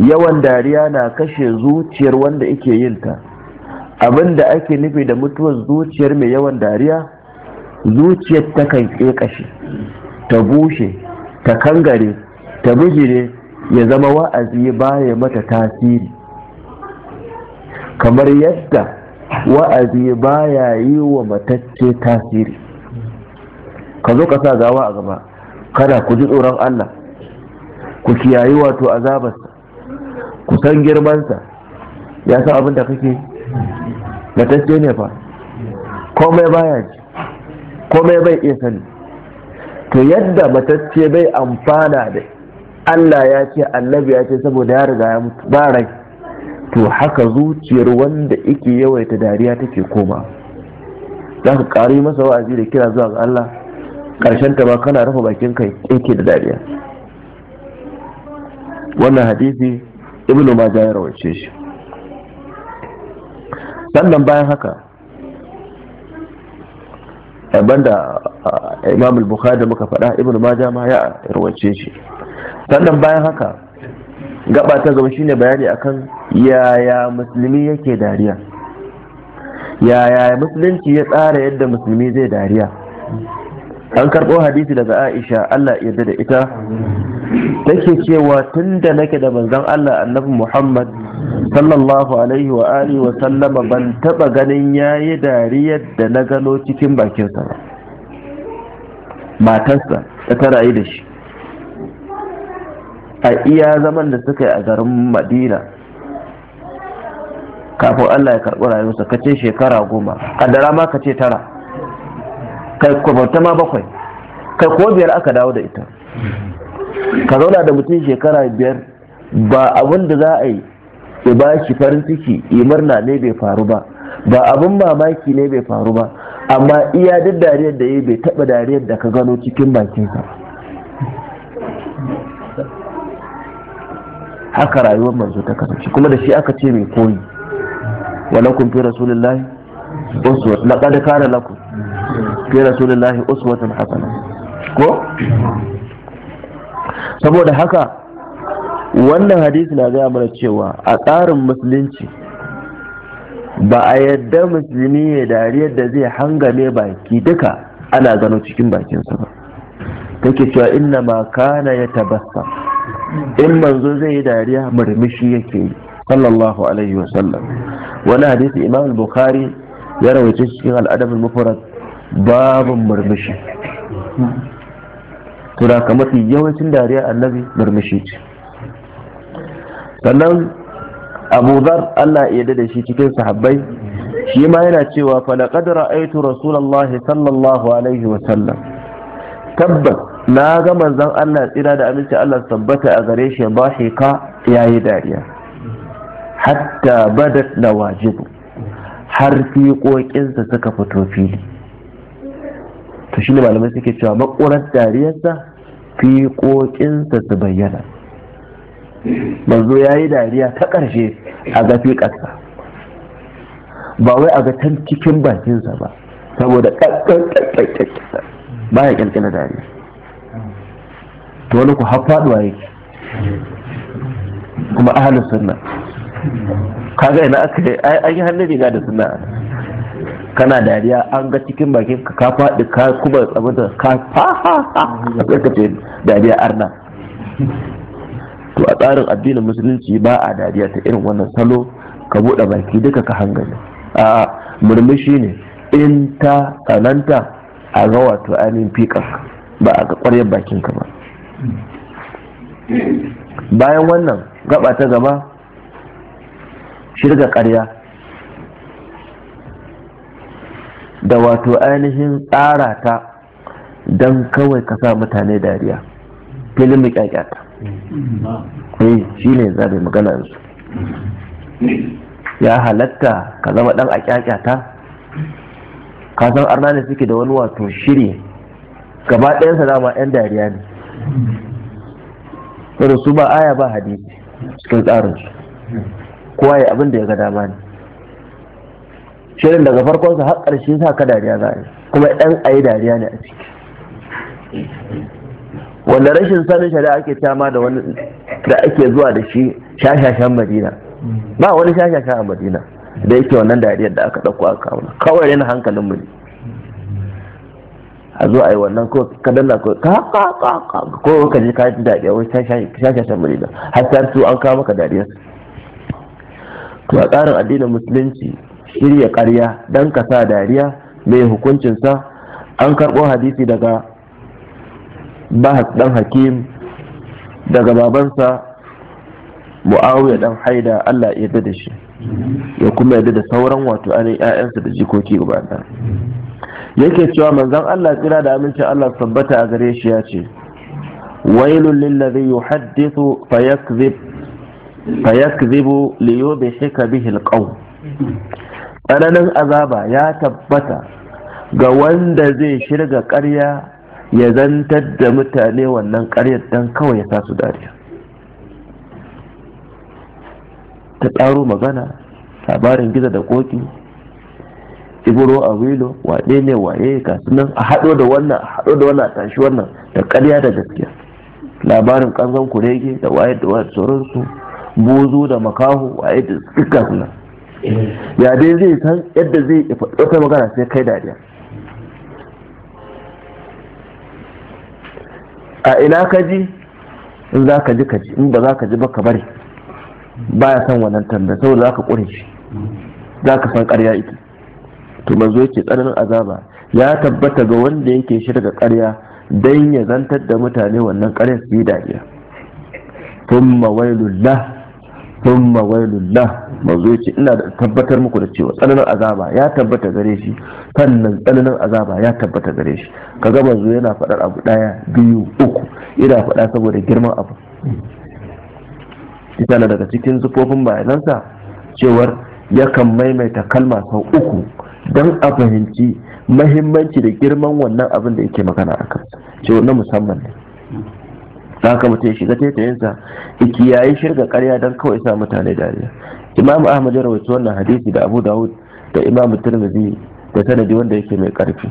yawan dariya na kashe zuciyar wanda ike yin ta abin da ake nufi da mutuwar zuciyar mai yawan dariya zuciyar takan kashe ta bushe ta kangare ta bijire ya zama wa'azi baya mata tasiri kamar yadda wa'azi baya yi wa matacce tasiri ka zo ka sa gawa a gaba kada ku ji tsoron Allah ku kiyayi wato azabarsa ku san girmansa ya san abin da kake matacce ne fa komai baya ji komai bai iya sani to yadda matacce bai amfana da Allah ya ce annabi ya ce saboda ya riga ya mutu ba rai to haka zuciyar wanda yake yawaita dariya take koma za ka ƙari masa wa'azi da kira zuwa ga Allah ƙarshen ta ba kana rufe bakin kai yake da dariya wannan hadisi ibnu majah ya rawaice shi sannan bayan haka Eh, banda eh, imam al-bukhari muka faɗa ibn maja ma ya rawace shi sannan bayan haka gaba ta gaba shine bayani akan yaya musulmi yake dariya yaya musulunci ya tsara yadda musulmi zai dariya an karɓo hadisi daga aisha allah yarda da ita take cewa tun da nake da manzon allah annabi muhammad sallallahu alaihi wa alihi wa sallama ban taɓa ganin yayi dariyar da na gano cikin bakinsa ba matarsa da ta rayu da shi a iya zaman da suka yi a garin madina kafin allah ya karɓi rayuwarsa kace shekara goma A dara ma kace tara kai kwabarta ma bakwai kai ko biyar aka dawo da ita ka zauna da mutum shekara biyar ba abin da za a yi ya ba shi farin ciki yi murna ne bai faru ba ba abin mamaki ne bai faru ba amma iya duk dariyar da ya bai taba dariyar da ka gano cikin bakinsa haka rayuwar manzo ta kasance kuma da shi aka ce mai koyi walakum fi rasulillahi uswa laqad kana lakum fi rasulillahi uswatun hasana ko saboda haka wannan hadisi na gaya mana cewa a tsarin musulunci ba a yadda musulmi ya dari yadda zai hanga hangame baki duka ana gano cikin bakinsa ba take cewa inna ma kana ya tabassa in manzo zai yi dariya murmushi yake yi sallallahu alaihi wasallam wani hadisi imam bukhari ya rawaita cikin al'adab al-mufrad babin murmushi to da ka mafi yawancin dariya annabi murmushi ce sannan abu zar allah ya da shi cikin sahabbai shi ma yana cewa falaƙad ra'aitu Rasulallah sallallahu alaihi wasallam tabbas na ga manzon allah tsira da aminci allah sabbata a gare shi ba shi ka yayi dariya hatta badat na wajibu har fi fiƙoƙinsa suka fito fili to ne malamai suke cewa makurar dariyarsa fiƙoƙinsa su bayyana manzo ya yi dariya ta ƙarshe a ga fiƙarsa ba wai a ga can cikin bakinsa ba saboda ƙaƙƙaƙƙaƙƙaƙƙa ba ya ƙirƙira dariya to wani ku haffaɗuwa yake kuma ahalin sunna kaga ina aka yi an yi hannun riga da sunna kana dariya an ga cikin bakin ka faɗi ka kuma tsabata ka fa ha ha ka ce dariya arna to a tsarin addinin musulunci ba a dariya ta irin wannan salo ka buɗe baki duka ka hangane a murmushi ne in ta tsananta a ga wato ainihin fikar ba a ga ƙwaryar bakin ka ba bayan wannan gaba ta gaba shirga ƙarya da wato ainihin tsara ta don kawai ka sa mutane dariya filin mu kyakyata eh shi ne za da magana yanzu ya halatta ka zama dan a kyakyata ka san arna ne suke da wani wato shiri gaba ɗayansa dama 'yan dariya ne su ba aya ba hadisi cikin tsarinsu kowa ya abin da ya ga dama ne shirin daga farkon su har ƙarshe sa ka dariya za kuma ɗan a yi dariya ne a ciki wanda rashin sanin shari'a ake tama da wani da ake zuwa da shi shashashan madina ba wani shashashen a madina da yake wannan dariyar da aka ɗauko a kawo kawai yana hankalin mu ne a zo a yi wannan ko ka danna ko ka ka ka ka ko ka je ka ji dariya wai ta shashe shan murida har ta su an kawo maka dariya to a tsarin addinin musulunci shirya ƙarya don ka sa dariya mai hukuncinsa an karɓo hadisi daga bahas ɗan hakim daga babansa mu'awiya ɗan haida allah ya da shi ya kuma yadda da sauran wato a 'ya'yansa da jikoki gaba yake cewa manzon allah tsira da amincin allah tabbata a gare shi ya ce wailun lillazi yuhaddithu fayakzib fayakzibu liyudhika bihi alqawm tsananin azaba ya tabbata ga wanda zai shirga ƙarya ya zantar da mutane wannan ƙaryar don kawai ya sa su dariya ta tsaro magana labarin gizo da koki iburo a wilo waɗe ne waye ga nan a haɗo da wannan a haɗo da wannan a tashi wannan da ƙarya da gaskiya labarin ƙanzon kurege da waye da tsoron su buzu da makaho waye da suka sunan? ya dai zai san yadda zai wata magana sai kai dariya a ina ka ji in za ka ji ka ji in ba za ka ji ba ka bari baya san wannan tambaya saboda za ka ƙure shi za ka san ƙarya ita to manzo yake tsananin azaba ya tabbata ga wanda yake shi daga ƙarya don ya zantar da mutane wannan ƙaryar su yi dariya thumma wailullah thumma wailullah manzo yace ina da tabbatar muku da cewa tsananin azaba ya tabbata gare shi sannan tsananin azaba ya tabbata gare shi kaga manzo yana faɗar abu ɗaya biyu uku ina faɗa saboda girman abu ita daga cikin zufofin bayanansa cewar yakan maimaita kalma sau uku don a fahimci mahimmanci da girman wannan abin da yake magana a kan cewa na musamman ne za ka mutum shiga taitayinsa iki yayi shirga karya don kawai sa mutane dariya imam ahmad ya rawaito wannan hadisi da abu dawud da imam tirmidhi da sanadi wanda yake mai karfi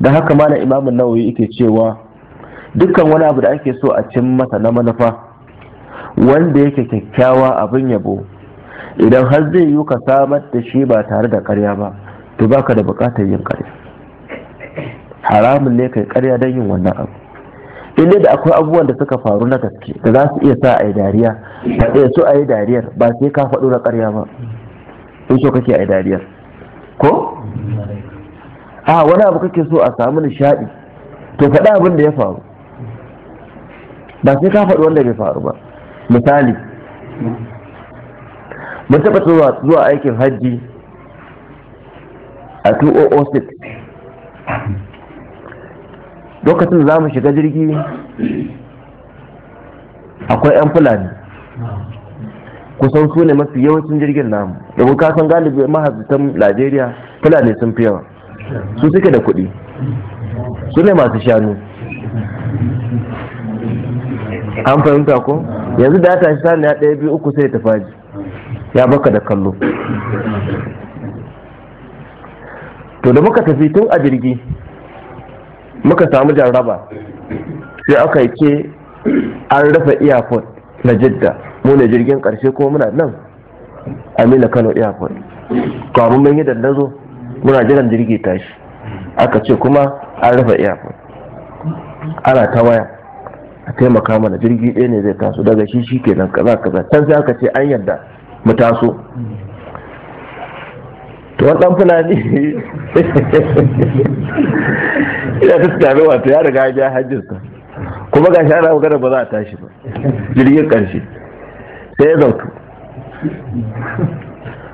da haka mana imam nawawi yake cewa dukkan wani abu da ake so a cin masa na manufa wanda yake kyakkyawa abin yabo idan har zai yi ka samar da shi ba tare da karya ba to baka da bukatar yin karya haramun ne kai karya don yin wannan abu ille da akwai abubuwan da suka faru na gaske da za su iya sa a yi dariya faɗe so a yi dariyar ba sai ka faɗo na ƙarya ba in so kake a yi dariyar ko a wani abu kake so a samu nishaɗi to faɗi abin da ya faru ba sai ka faɗi wanda bai faru ba misali mun taɓa zuwa aikin hajji a 2006 lokacin da za mu shiga jirgi akwai 'yan fulani kusan su ne mafi yawancin jirgin namu Da kuka san galibi mahazatan najeriya fulani sun fi yawa su suke da kuɗi su ne masu shanu an fahimta ko yanzu da ya tashi sani ya ɗaya biyu uku sai ta faji ya baka da kallo to da muka tafi tun a jirgi muka samu jarraba sai aka yi ke an rufe airport na jidda mu ne jirgin karshe ko muna nan amina kano airport kwamun mun yi dandazo muna jiran jirgi tashi aka ce kuma an rufe airport ana ta waya a taimaka mana jirgi ɗaya ne zai taso daga shi shi kenan kaza kaza can sai aka ce an yadda mu taso to wani fulani ina ta tare wato ya riga ya hajjinsa kuma ga shi ana magana ba za a tashi ba jirgin ƙarshe sai ya zautu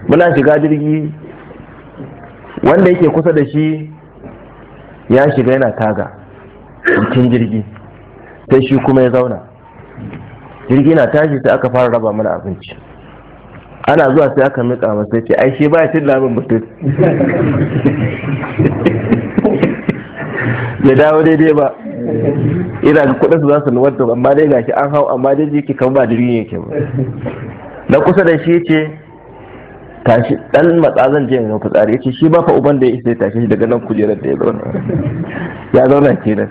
muna shiga jirgi wanda yake kusa da shi ya shiga yana taga cikin jirgi sai shi kuma ya zauna jirgi na tashi sai aka fara raba mana abinci ana zuwa sai aka mika masa ce ai shi ba ya cin labin mutum ya dawo daidai ba ina ga kudin su za su luwanta amma dai gashi an hau amma dai jiki kan ba jirgin yake ba na kusa da shi ce tashi dan matsa zan je ga fitsari yace shi ba fa uban da ya isa tashi daga nan kujerar da ya zauna ya zauna kenan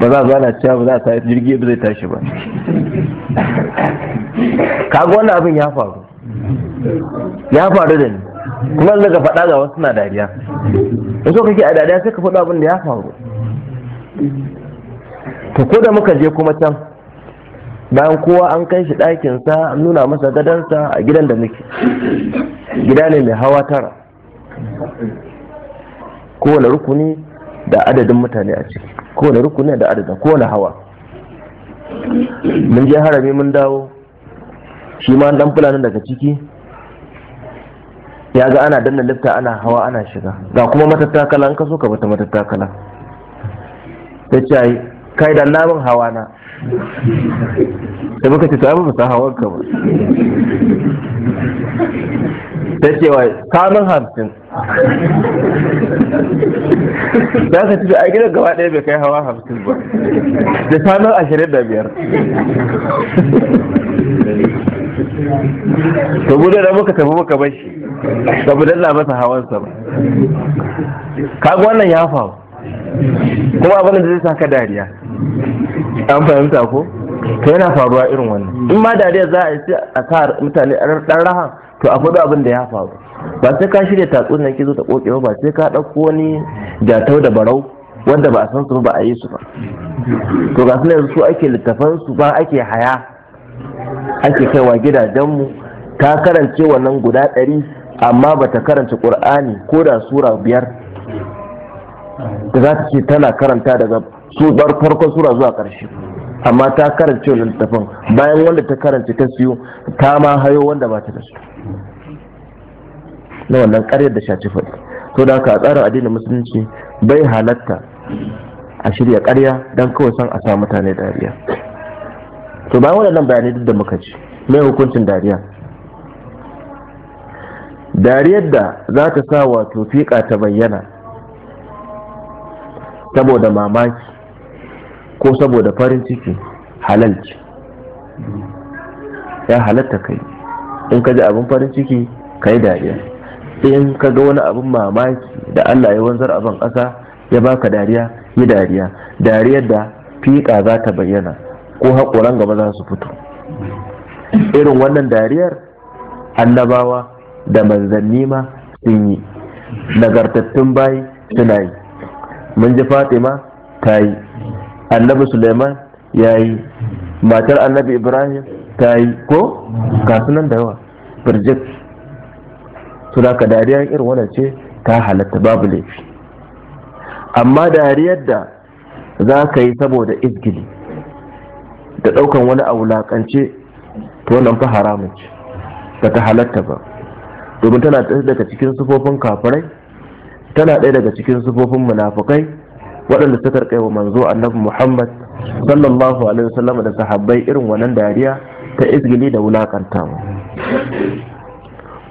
ba za a zauna cewa ba za a tashi jirgi ba zai tashi ba kaga wannan abin ya faru ya faru da ni kuma daga faɗa ga wasu na dariya in so kake a dariya sai ka faɗa abin da ya faru to ko da muka je kuma can bayan kowa an kai shi ɗakinsa an nuna masa gadansa a gidan da muke gida ne mai hawa tara kowane rukuni da adadin mutane a ciki kowane rukuni da adadin kowane hawa mun je harami mun dawo shi ma dan fulani daga ciki ya ga ana danna lifta ana hawa ana shiga ga kuma matattakala in ka so ka bata matattakala ta ce ai kai da namun hawa na sai muka ce ta ba san hawan ka ba ta ce wa kamun hamsin za ka ce a gina gaba ɗaya bai kai hawa hamsin ba da samun ashirin da biyar to mu da muka tafi muka bar shi ba mu dalla masa hawansa ba kaga wannan ya faru kuma abin da zai saka dariya an fahimta ko to yana faruwa irin wannan in ma dariya za a yi a sa mutane dan raha to a faɗo abin da ya faru ba sai ka shirya tatsunan ki zo ta koke ba sai ka ɗauko wani jatau da barau wanda ba a san su ba a yi su ba to ga su yanzu su ake littafan su ba ake haya ake kaiwa gidajenmu ta karance wannan guda ɗari amma ba ta karanta ƙur'ani ko da sura biyar da za ta ce tana karanta daga farkon sura zuwa ƙarshe amma ta karance wannan littafin bayan wanda ta karance ta siyo ta ma hayo wanda ba ta da su na wannan ƙaryar da shaci faɗi to da haka tsara addinin musulunci bai halatta a shirya ƙarya don kawai san a sa mutane dariya to bayan waɗannan bayanai duk da muka ci mai hukuncin dariya dariyar da za ta sa wato fiƙa ta bayyana saboda mamaki ko saboda farin ciki halalci ya halatta kai in ka ji abin farin ciki ka dariya in ka ga wani abin mamaki da allah ya wanzar abin ƙasa ya baka dariya yi dariya dariyar da fiƙa za ta bayyana ko haƙoran gaba za su fito irin wannan dariyar annabawa da manzanni ma sun yi nagartattun bayi suna yi mun ji fatima ta yi annabi suleiman ya yi matar annabi ibrahim ta yi ko ga nan da yawa birjik suna ka dariyar irin wannan ce ta halatta babu laifi amma dariyar da za ka yi saboda izgili da ɗaukan wani a wulaƙance to wannan fa haramun ce ba ta halatta ba domin tana ɗaya daga cikin sufofin kafirai tana ɗaya daga cikin sufofin munafukai waɗanda suka rika wa manzo annabi muhammad sallallahu alaihi wasallam da sahabbai irin wannan dariya ta izgili da wulakanta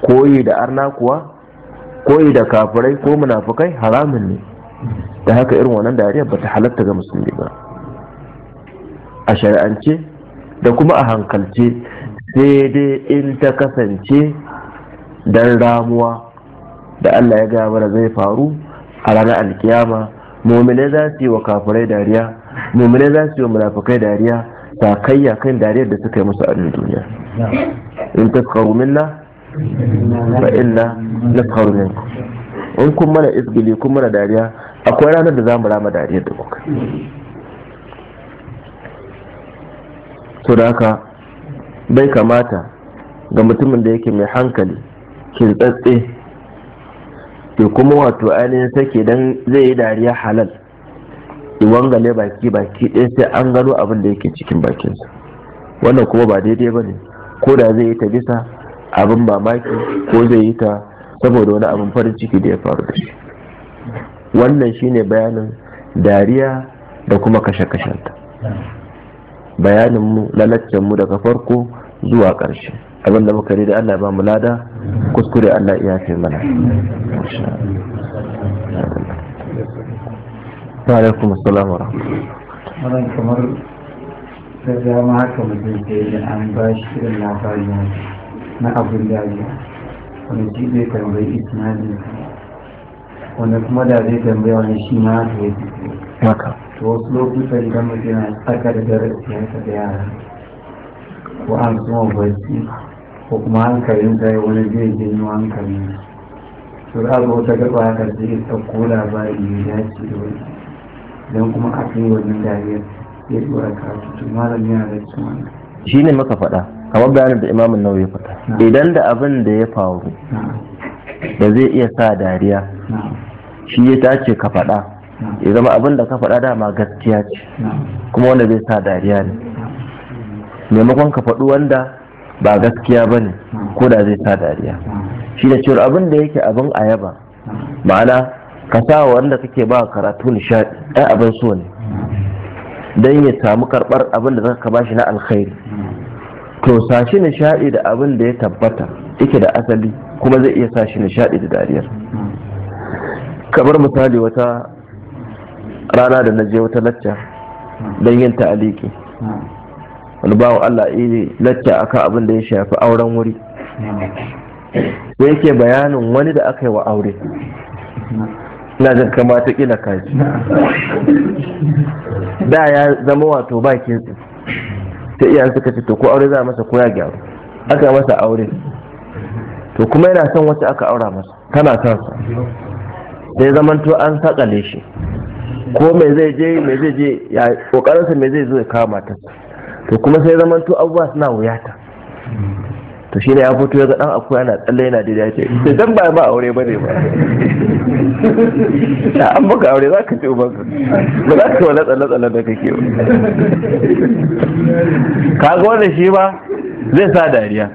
koyi da arna kuwa koyi da kafirai ko munafukai haramun ne da haka irin wannan dariya ba ta halatta ga musulmi ba a shari'ance da kuma a hankalce sai dai in ta kasance don ramuwa da Allah ya gaya mana zai faru a ranar alkiyama Muminai za su yi wa kafirai dariya Muminai za su yi wa munafikai dariya sakayya kan dariyar da suka yi musu a duniya in tafkaru minna fa inna nafkaru minku in kun mana izgili kun mana dariya akwai ranar da za mu rama dariyar da kuka so da haka bai kamata ga mutumin da yake mai hankali kintsatse ke kuma wato ainihin sake don zai yi dariya halal wangale baki baki ɗaya sai an gano abin da yake cikin bakinsa wannan kuma ba daidai ba ne ko da zai yi ta bisa abin mamaki ko zai yi ta saboda wani abin farin ciki da ya faru da shi wannan shine bayanin dariya da kuma kashe-kashenta bayaninmu na mu daga farko zuwa ƙarshe abin da muka da Allah ba mu lada kuskure Allah iya fi mana alaikum assalamu wannan kamar da dama haka mutum ke da an ba shi irin labari na abin dariya wani ji zai tambayi isnadin wani kuma da zai tambaya wani shi ma haka ya fito maka to wasu lokuta idan mutum yana tsaka da darasiyarsa da yara ko an kuma barci ko kuma hankalin zai wani zai janyo hankalin to za ga wata gaba haka zai ɗauko labari mai dace da wani don kuma a fi wannan dariyar ya ɗora To malam yana da cikin wannan shi ne maka faɗa kamar bayanin da imamin nawa ya faɗa idan da abin da ya faru da zai iya sa dariya shi ya tace ka faɗa ya zama abin da ka faɗa dama gaskiya ce kuma wanda zai sa dariya ne maimakon ka faɗi wanda ba gaskiya ba ne ko da zai sa dariya shi da cewar abin da yake abin a yaba ma'ana ka sa wanda kake ba karatu nishaɗi ɗan abin so ne don ya samu karɓar abin da zaka ba shi na alkhairi to sa shi nishaɗi da abin da ya tabbata yake da asali kuma zai iya sa shi nishaɗi da dariyar kamar misali wata rana da na je wata lacca don yin ta'aliki wani wa Allah iri lacca akan abin da ya shafi auren wuri da yake bayanin wani da aka yi wa aure na jin kama ta kila kaji da ya zama wato ba kinsu ta iya suka ce to ko aure za a masa ko ya gyaru aka masa aure to kuma yana son wacce aka aura masa tana son sa sai zamanto an sakale shi ko me zai je me zai je ya sa me zai zo ya kawo mata to kuma sai zaman to abuwa suna wuyata to shine ya fito ya ga dan akwai yana tsalle yana daidai ya ce sai dan ba ba aure bane ba Ya an baka aure za ka ci uban ba za ka wani tsalle tsalle da kake ba ga wanda shi ba zai sa dariya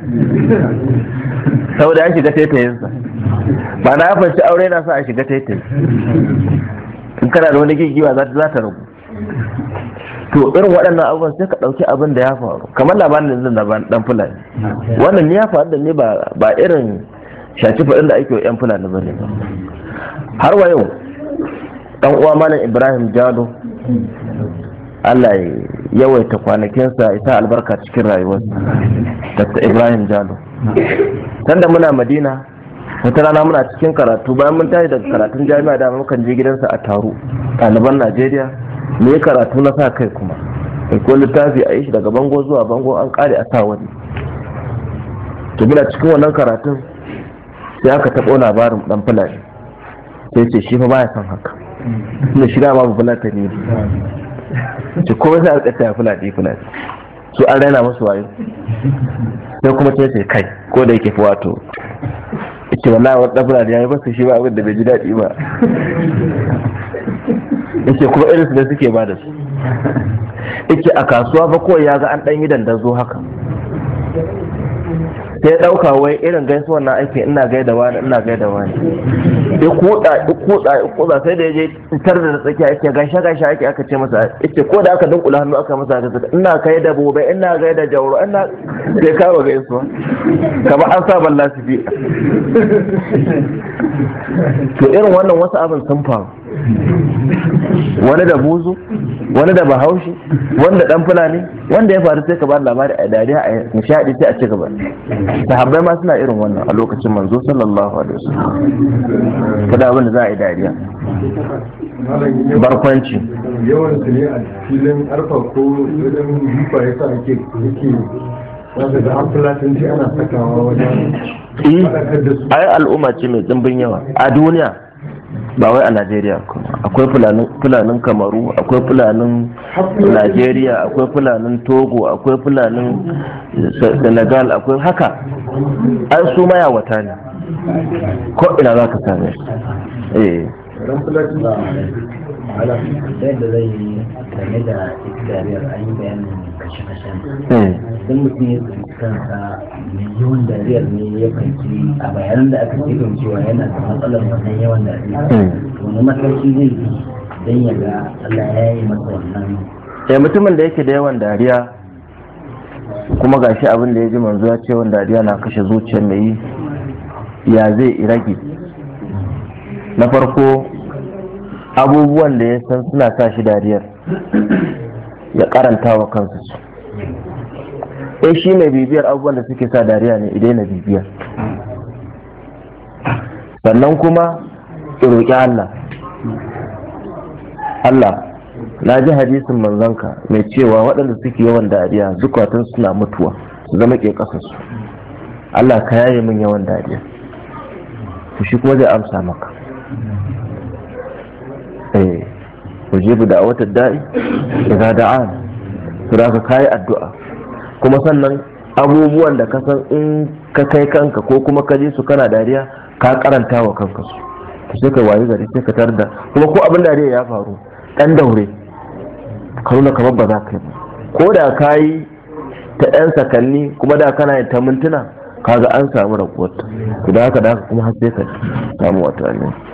saboda ya shiga taitayinsa ba na ya fahimci aure na sa a shiga taitayi in kana da wani gigiwa za ta ragu to irin waɗannan abubuwan sai ka ɗauki abin da ya faru kamar labarin da zan na dan fulani wannan ya faru da ne ba irin shaci faɗin da ake wa 'yan fulani ba ne har wa yau ɗan uwa malam ibrahim jado allah ya yawaita kwanakinsa ita albarka cikin rayuwarsa dr ibrahim jalo sanda muna madina wata rana muna cikin karatu bayan mun tashi daga karatun jami'a da mukan je gidansa a taro ɗaliban najeriya me karatu na sa kai kuma ko littafi a yi shi daga bango zuwa bango an ƙare a sa wani to muna cikin wannan karatun sai aka taɓo labarin ɗan fulani sai ce shi fa baya son haka da shi dama babu fulata ne ce kuma sai a ƙasa fulani fulani su an raina masu wayo sai kuma ce kai ko da yake fi wato ita wala wani ɗafura da ya yi masa shi ba abin da bai ji daɗi ba yake kuma irin su da suke ba da su yake a kasuwa ba kawai ya ga an ɗan yi dandazo haka sai ɗauka wai irin gaisuwa na aiki ina gaida wani ina gaida wani ya kuɗa ya kuɗa ya sai da ya je tar da tsakiya ake gaishe gaishe ake aka ce masa ake ko da aka dunkula hannu aka masa aka tsaka ina da bobe ina gaida jauro ina sai kama gaisuwa kamar an sa ban lasifi to irin wannan wasu abin sun faru wani da buzu wani da bahaushe wani da dan fulani wanda ya faru sai ka ba labari a dariya a nishadi sai a ci gaba sahabbai ma suna irin wannan a lokacin manzo sallallahu alaihi wasallam kada abin da za a yi dariya barkwanci yawan su ne a filin arfa ko wajen jifa ya sa ake yake wanda da an fulatanci ana sakawa wajen eh, ai al'umma ce mai tsimbin yawa a duniya ba wai a najeriya kuma akwai fulanin kamaru akwai fulanin najeriya akwai fulanin togo akwai fulanin senegal akwai haka an su mayawata ne ko ina za ka same ala da zai yi game da dariyar an yi bayanin kashe-kashen hmm. don mutum ya tsinci kansa mai yawan dariyar ne ya kanci a bayanan da aka cikin cewa yana da matsalar wannan yawan dariyar hmm. wani mataki zai bi don ya ga allah ya yi masa wannan sai eh, mutumin da yake da yawan dariya kuma gashi abin da ya ji manzo ya ce yawan dariya na kashe zuciyar mai yi ya zai rage na farko abubuwan da ya san suna sa shi dariyar ya karanta wa kansu su E, shi mai bibiyar abubuwan da suke sa dariya ne idai na bibiyar sannan kuma ya roƙi Allah Allah na ji hadisin manzanka mai cewa waɗanda suke yawan dariya zukatun suna mutuwa su zama ke su Allah ka yaye min yawan dariya shi kuma zai amsa maka ujibu da wata da'i idza da'an to da ka yi addu'a kuma sannan abubuwan da ka san in ka kai kanka ko kuma ka ji su kana dariya ka karanta wa kanka su sai ka wayi gari sai ka tar da kuma ko abin dariya ya faru dan daure ka nuna ba za ka yi ko da ka yi ta yan sakanni kuma da kana yin ta mintuna kaga an samu raguwar ta da haka da haka kuma har sai ka samu wata ne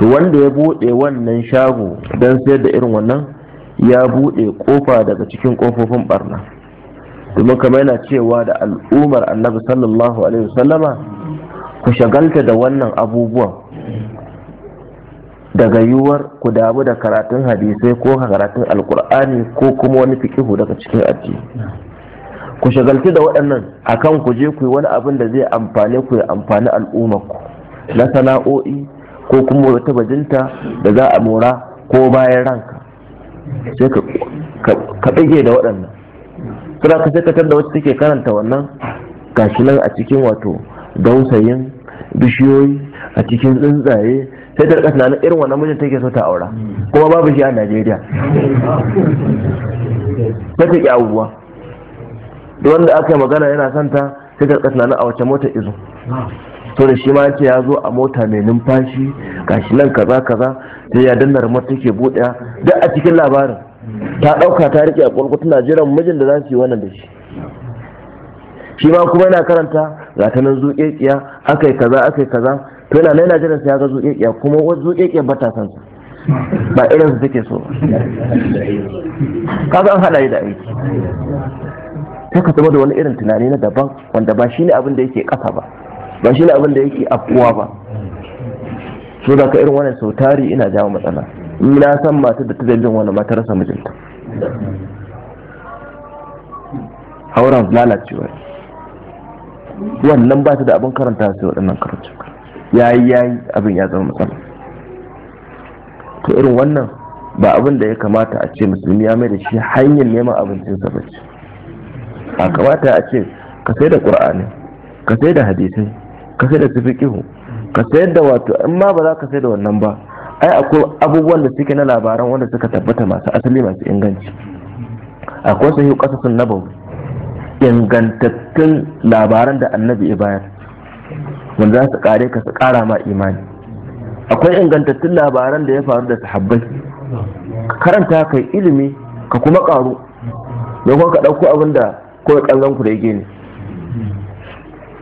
to wanda ya buɗe wannan shago don sayar da irin wannan ya buɗe ƙofa daga cikin ƙofofin barna domin kama yana cewa da al'umar annabi sallallahu alaihi wasallama ku shagalta da wannan abubuwan daga yiwuwar ku damu da karatun hadisai ko karatun alkur'ani ko kuma wani fikihu daga cikin addini ku shagaltu da waɗannan akan ku je ku yi wani abin da zai amfane ku ya amfani al'ummar ku na sana'o'i ko kuma wata bajinta da za a mora ko bayan ranka sai ka bige da waɗannan suna ka sai da wacce take karanta wannan gashi nan a cikin wato dausayin bishiyoyi a cikin tsuntsaye sai ta rika tunanin irin wannan mijin take so ta aura kuma babu shi a najeriya ta take abubuwa duk wanda aka yi magana yana santa sai ta rika tunanin a wace mota izo to da shi ma yake ya zo a mota mai numfashi gashi nan kaza kaza sai ya danna ramar take buɗe duk a cikin labarin ta ɗauka ta rike a ƙwarƙwata tana jiran mijin da za su yi wannan da shi shi ma kuma yana karanta ga ta nan zuƙeƙiya akai kaza akai kaza to yana nan najeriya jiran sai ya ga zuƙeƙiya kuma wani zuƙeƙiya ba ta san ba irin su take so ga an haɗa da aiki ta ka zama da wani irin tunani na daban wanda ba shi ne abin da yake ƙasa ba ba shi ne abin da yake afkuwa ba so da ka irin wani sautari ina jawo matsala Ina na san mata da ta jin wani matar sa mijinta hauran lalacewa wannan ba su da abin karanta su waɗannan yi yayi yayi abin ya zama matsala to irin wannan ba abin da ya kamata a ce musulmi ya mai da shi hanyar neman abincinsa ba a kamata a ce ka sai da ƙur'ani ka sai da hadisai ka sai da su ihu. ka sayar da wato in ma ba za ka sayar da wannan ba ai akwai abubuwan da suke na labaran wanda suka tabbata masu asali masu inganci akwai sahihu qasasun nabawi ingantattun labaran da annabi ya bayar wanda za su kare ka su kara ma imani akwai ingantattun labaran da ya faru da sahabbai karanta kai ilimi ka kuma karu don ka ɗauko abin da kawai kallon ku da yake ne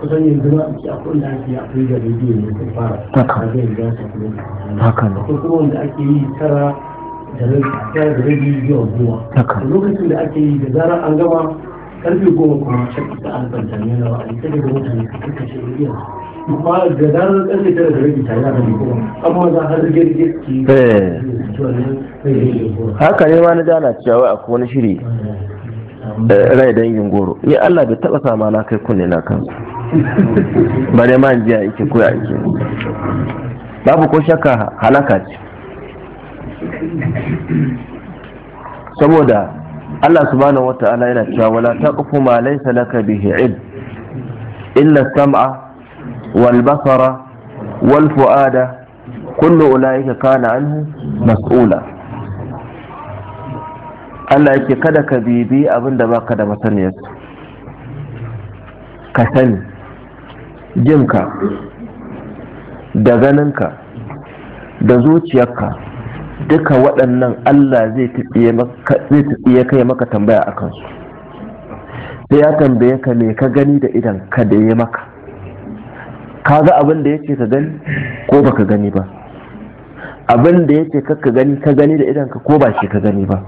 kusan yanzu ma a akwai da a akwai da rediyo ne ko fara haka yi yanzu ta kuma haka ne ko kuma wanda ake yi tara da tara da rediyo zuwa haka lokacin da ake yi da zarar an gama karfe goma kuma cikin ta alfanta ne na wa'adi ta daga mutane su kuka shi rediyo amma da zarar karfe tara da rediyo tare da rediyo amma za har rediyo ke eh. haka ne ma na jana cewa a wani shiri eh. Eh, rai dangin goro ni Allah bai taba sama na kai kunne na kansu bare ma jiya yake ko babu ko shakka halaka ce saboda Allah subhanahu wata'ala yana cewa wala taqfu ma laysa laka bihi ilm illa sam'a wal basara wal fuada kullu ulaika kana anhu mas'ula Allah yake kada ka bibi abinda baka da masaniyarsa ka sani jinka da ganinka da zuciyarka duka waɗannan Allah zai tafiye kai maka tambaya a kansu sai ya tambaye ka me ka gani da idan ka da ya maka ka ga abin da yake ka gani ko ba ka gani ba abin da yake ka gani ka gani da idan ka ko ba shi ka gani ba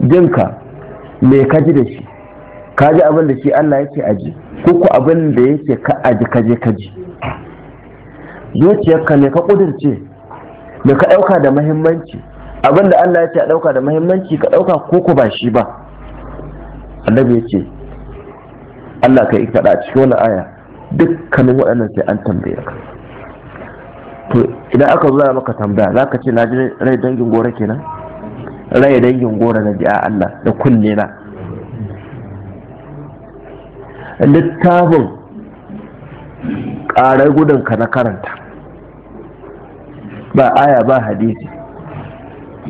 jinka me ka ji da shi ka ji abin da shi Allah yake aji ko ku abin da yake ka aji ka je ka ji zuciyarka ne ka kudirce da ka ɗauka da muhimmanci abin da Allah yake a ɗauka da muhimmanci ka ɗauka ko ku ba shi ba annabi ya ce Allah ka da a cikin wani aya dukkanin waɗannan sai an tambaye ka to idan aka zo maka tambaya za ka ce na ji rai dangin gora kenan rai dangin gora na ji a Allah da kunne na littafin ƙarar gudunka na karanta ba aya ba hadisi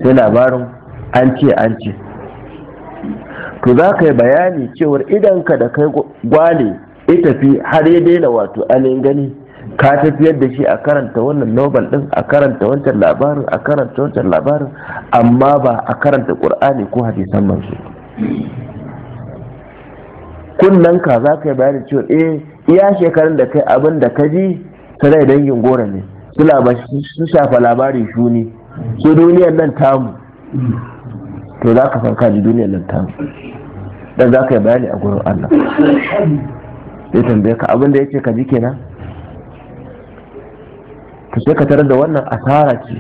sai labarin an ce an ce to za ka yi bayani cewar ka da kai gwale ita tafi har ya daina wato ainihin gani ka tafiyar da shi a karanta wannan nobel din a karanta wancan labarin a karanta wancan labarin amma ba a karanta ƙur'ani ko hadisan manzo kunnan ka za ka yi bayanin cewa eh iya shekarun da kai abin da ka ji sarai dangin gora ne su shafa labari shuni su duniyar nan tamu to za ka san ka ji duniyar nan tamu dan za ka yi bayani a gurin Allah zai tambaye ka abin da ce ka ji kenan Ka sai ka tarar da wannan asara ce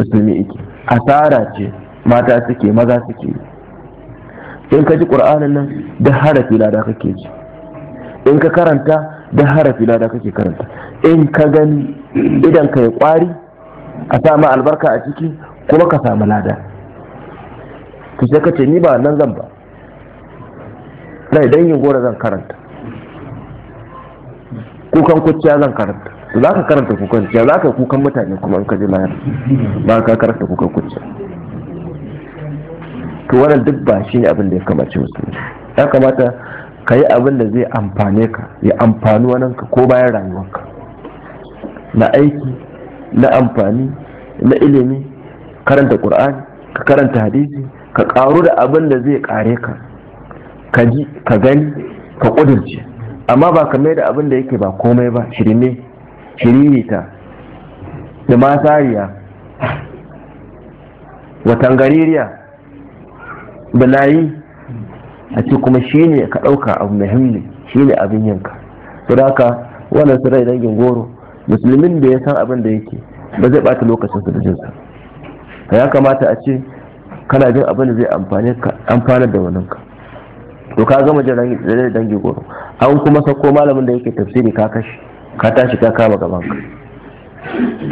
musulmi ike asara ce mata suke maza suke yi in ka ji qur'anin nan da harafi lada kake ji in ka karanta da harafi lada kake karanta in ka gani idan ka yi kwari a samu albarka a ciki kuma ka samu lada Ki sai ka ce ni ba nan zan ba rai yin gora zan karanta kukan kuciya zan karanta za ka karanta kukan kuciya za ka kukan mutane kuma in ka ji mayar ba ka karanta kukan kuciya to wannan duk ba shi ne abin da ya kamace musulmi ya kamata ka yi abin da zai amfane ka ya amfani wannan ka ko bayan rayuwarka na aiki na amfani na ilimi karanta qur'ani ka karanta hadisi ka karu da abin da zai kare ka ka ji ka gani ka kudurce amma ba ka mai da abin da yake ba komai ba shirme shiririta da masariya watan balayi a ce kuma shi ne ka ɗauka abu muhimmi shi ne abin yanka su haka wannan su rai dangin goro musulmin da ya san abin da yake ba zai ɓata lokacin su da jinsa ya kamata a ce kana jin abin da zai amfanar da wannan ka to ka gama jin rai dangin goro an kuma sauko malamin da yake tafsiri ka ka tashi ka kama gaban ka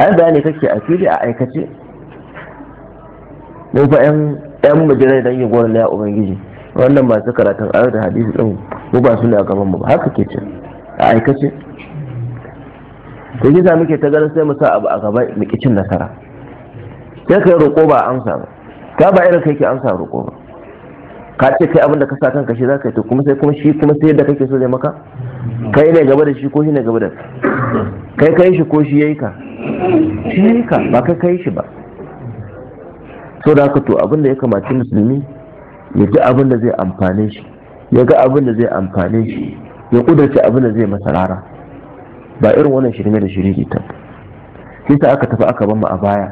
an bayani kake a fili a aikace mun fa 'yan yan majalai dan yi gwanin ya ubangiji wannan masu karatun ayar da hadisi ɗin mu ba su ne a gaban mu ba haka ke ce a aikace da kisa muke ta ganin sai mu sa abu a gaba mu cin nasara sai kai roƙo ba amsa ba ka ba irin kai ke amsa roƙo ba ka ce kai abin da ka sa kanka shi za ka yi to kuma sai kuma shi kuma sai yadda kake so zai maka kai ne gaba da shi ko shi ne gaba da kai kai shi ko shi yayi ka shi yayi ka ba kai kai shi ba so da haka to abin da ya kamaci musulmi ya ji abin zai amfane shi ya ga abinda zai amfane shi ya kudurci abinda zai masarara. ba irin wannan shirme da shiriri ta shi ta aka tafi aka bamu a baya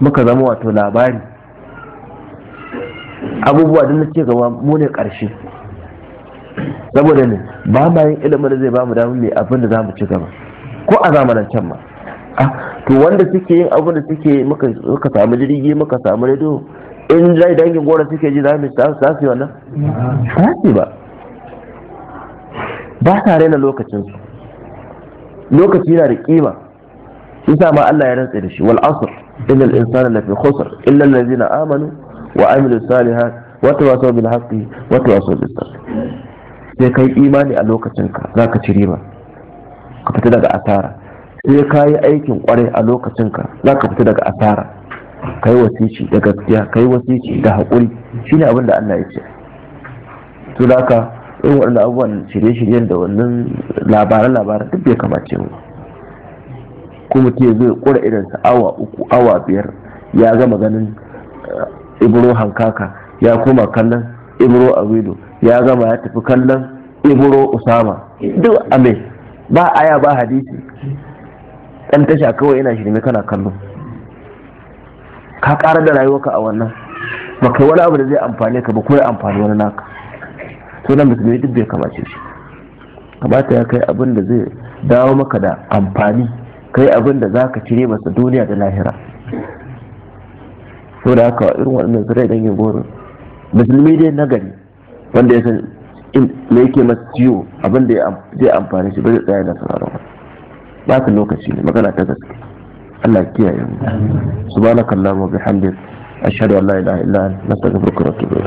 muka zama wato labari abubuwa don na ce gaba mu ne ƙarshe saboda ne ba ma yin ilimin da zai bamu damar mai abin da za mu ci gaba ko a zamanin can ma ah, to wanda suke yin abin da suke muka samu jirgi muka samu rediyo in zai dangin gora suke ji za su yi wannan ba su ba ba sa raina lokacinsu lokaci yana da kima isa ma Allah ya rantsa da shi wal asr innal insana lafi khusr illa allazina amanu wa amilus salihat wa tawasaw bil haqqi wa tawasaw bis sabr sai kai imani a lokacinka zaka ci riba ka fita daga asara sai ka yi aikin kwarai a lokacinka za ka fita daga asara ka yi wasici da gaskiya ka yi wasici da haƙuri Shi ne abinda Allah ya ce to da haka irin waɗannan abubuwan shirye-shiryen da wannan labaran-labaran duk bai kamace mu kuma ke ya zo irinsa awa uku awa biyar ya gama ganin eh, ibro hankaka ya koma kallon ibro awido ya gama ya tafi kallon ibro usama duk ame ba aya ba hadisi ɗan tasha kawai yana shirme kana kallo ka ƙara da rayuwarka a wannan ba kai wani abu da zai amfane ka ba ko ya amfani wani naka to nan musulmi duk bai kamace shi kamata ya kai abin da zai dawo maka da amfani kai abin da zaka cire masa duniya da lahira to da haka irin waɗannan zirai dangin goro musulmi dai nagari wanda ya san me yake masu ciwo abin da zai amfani shi ba zai tsaya da sauraron wani ɓata lokaci ne magana ta gaske Allah ya kiyaye mu subhanakallahumma bihamdik ashhadu an la ilaha illa anta astaghfiruka wa atubu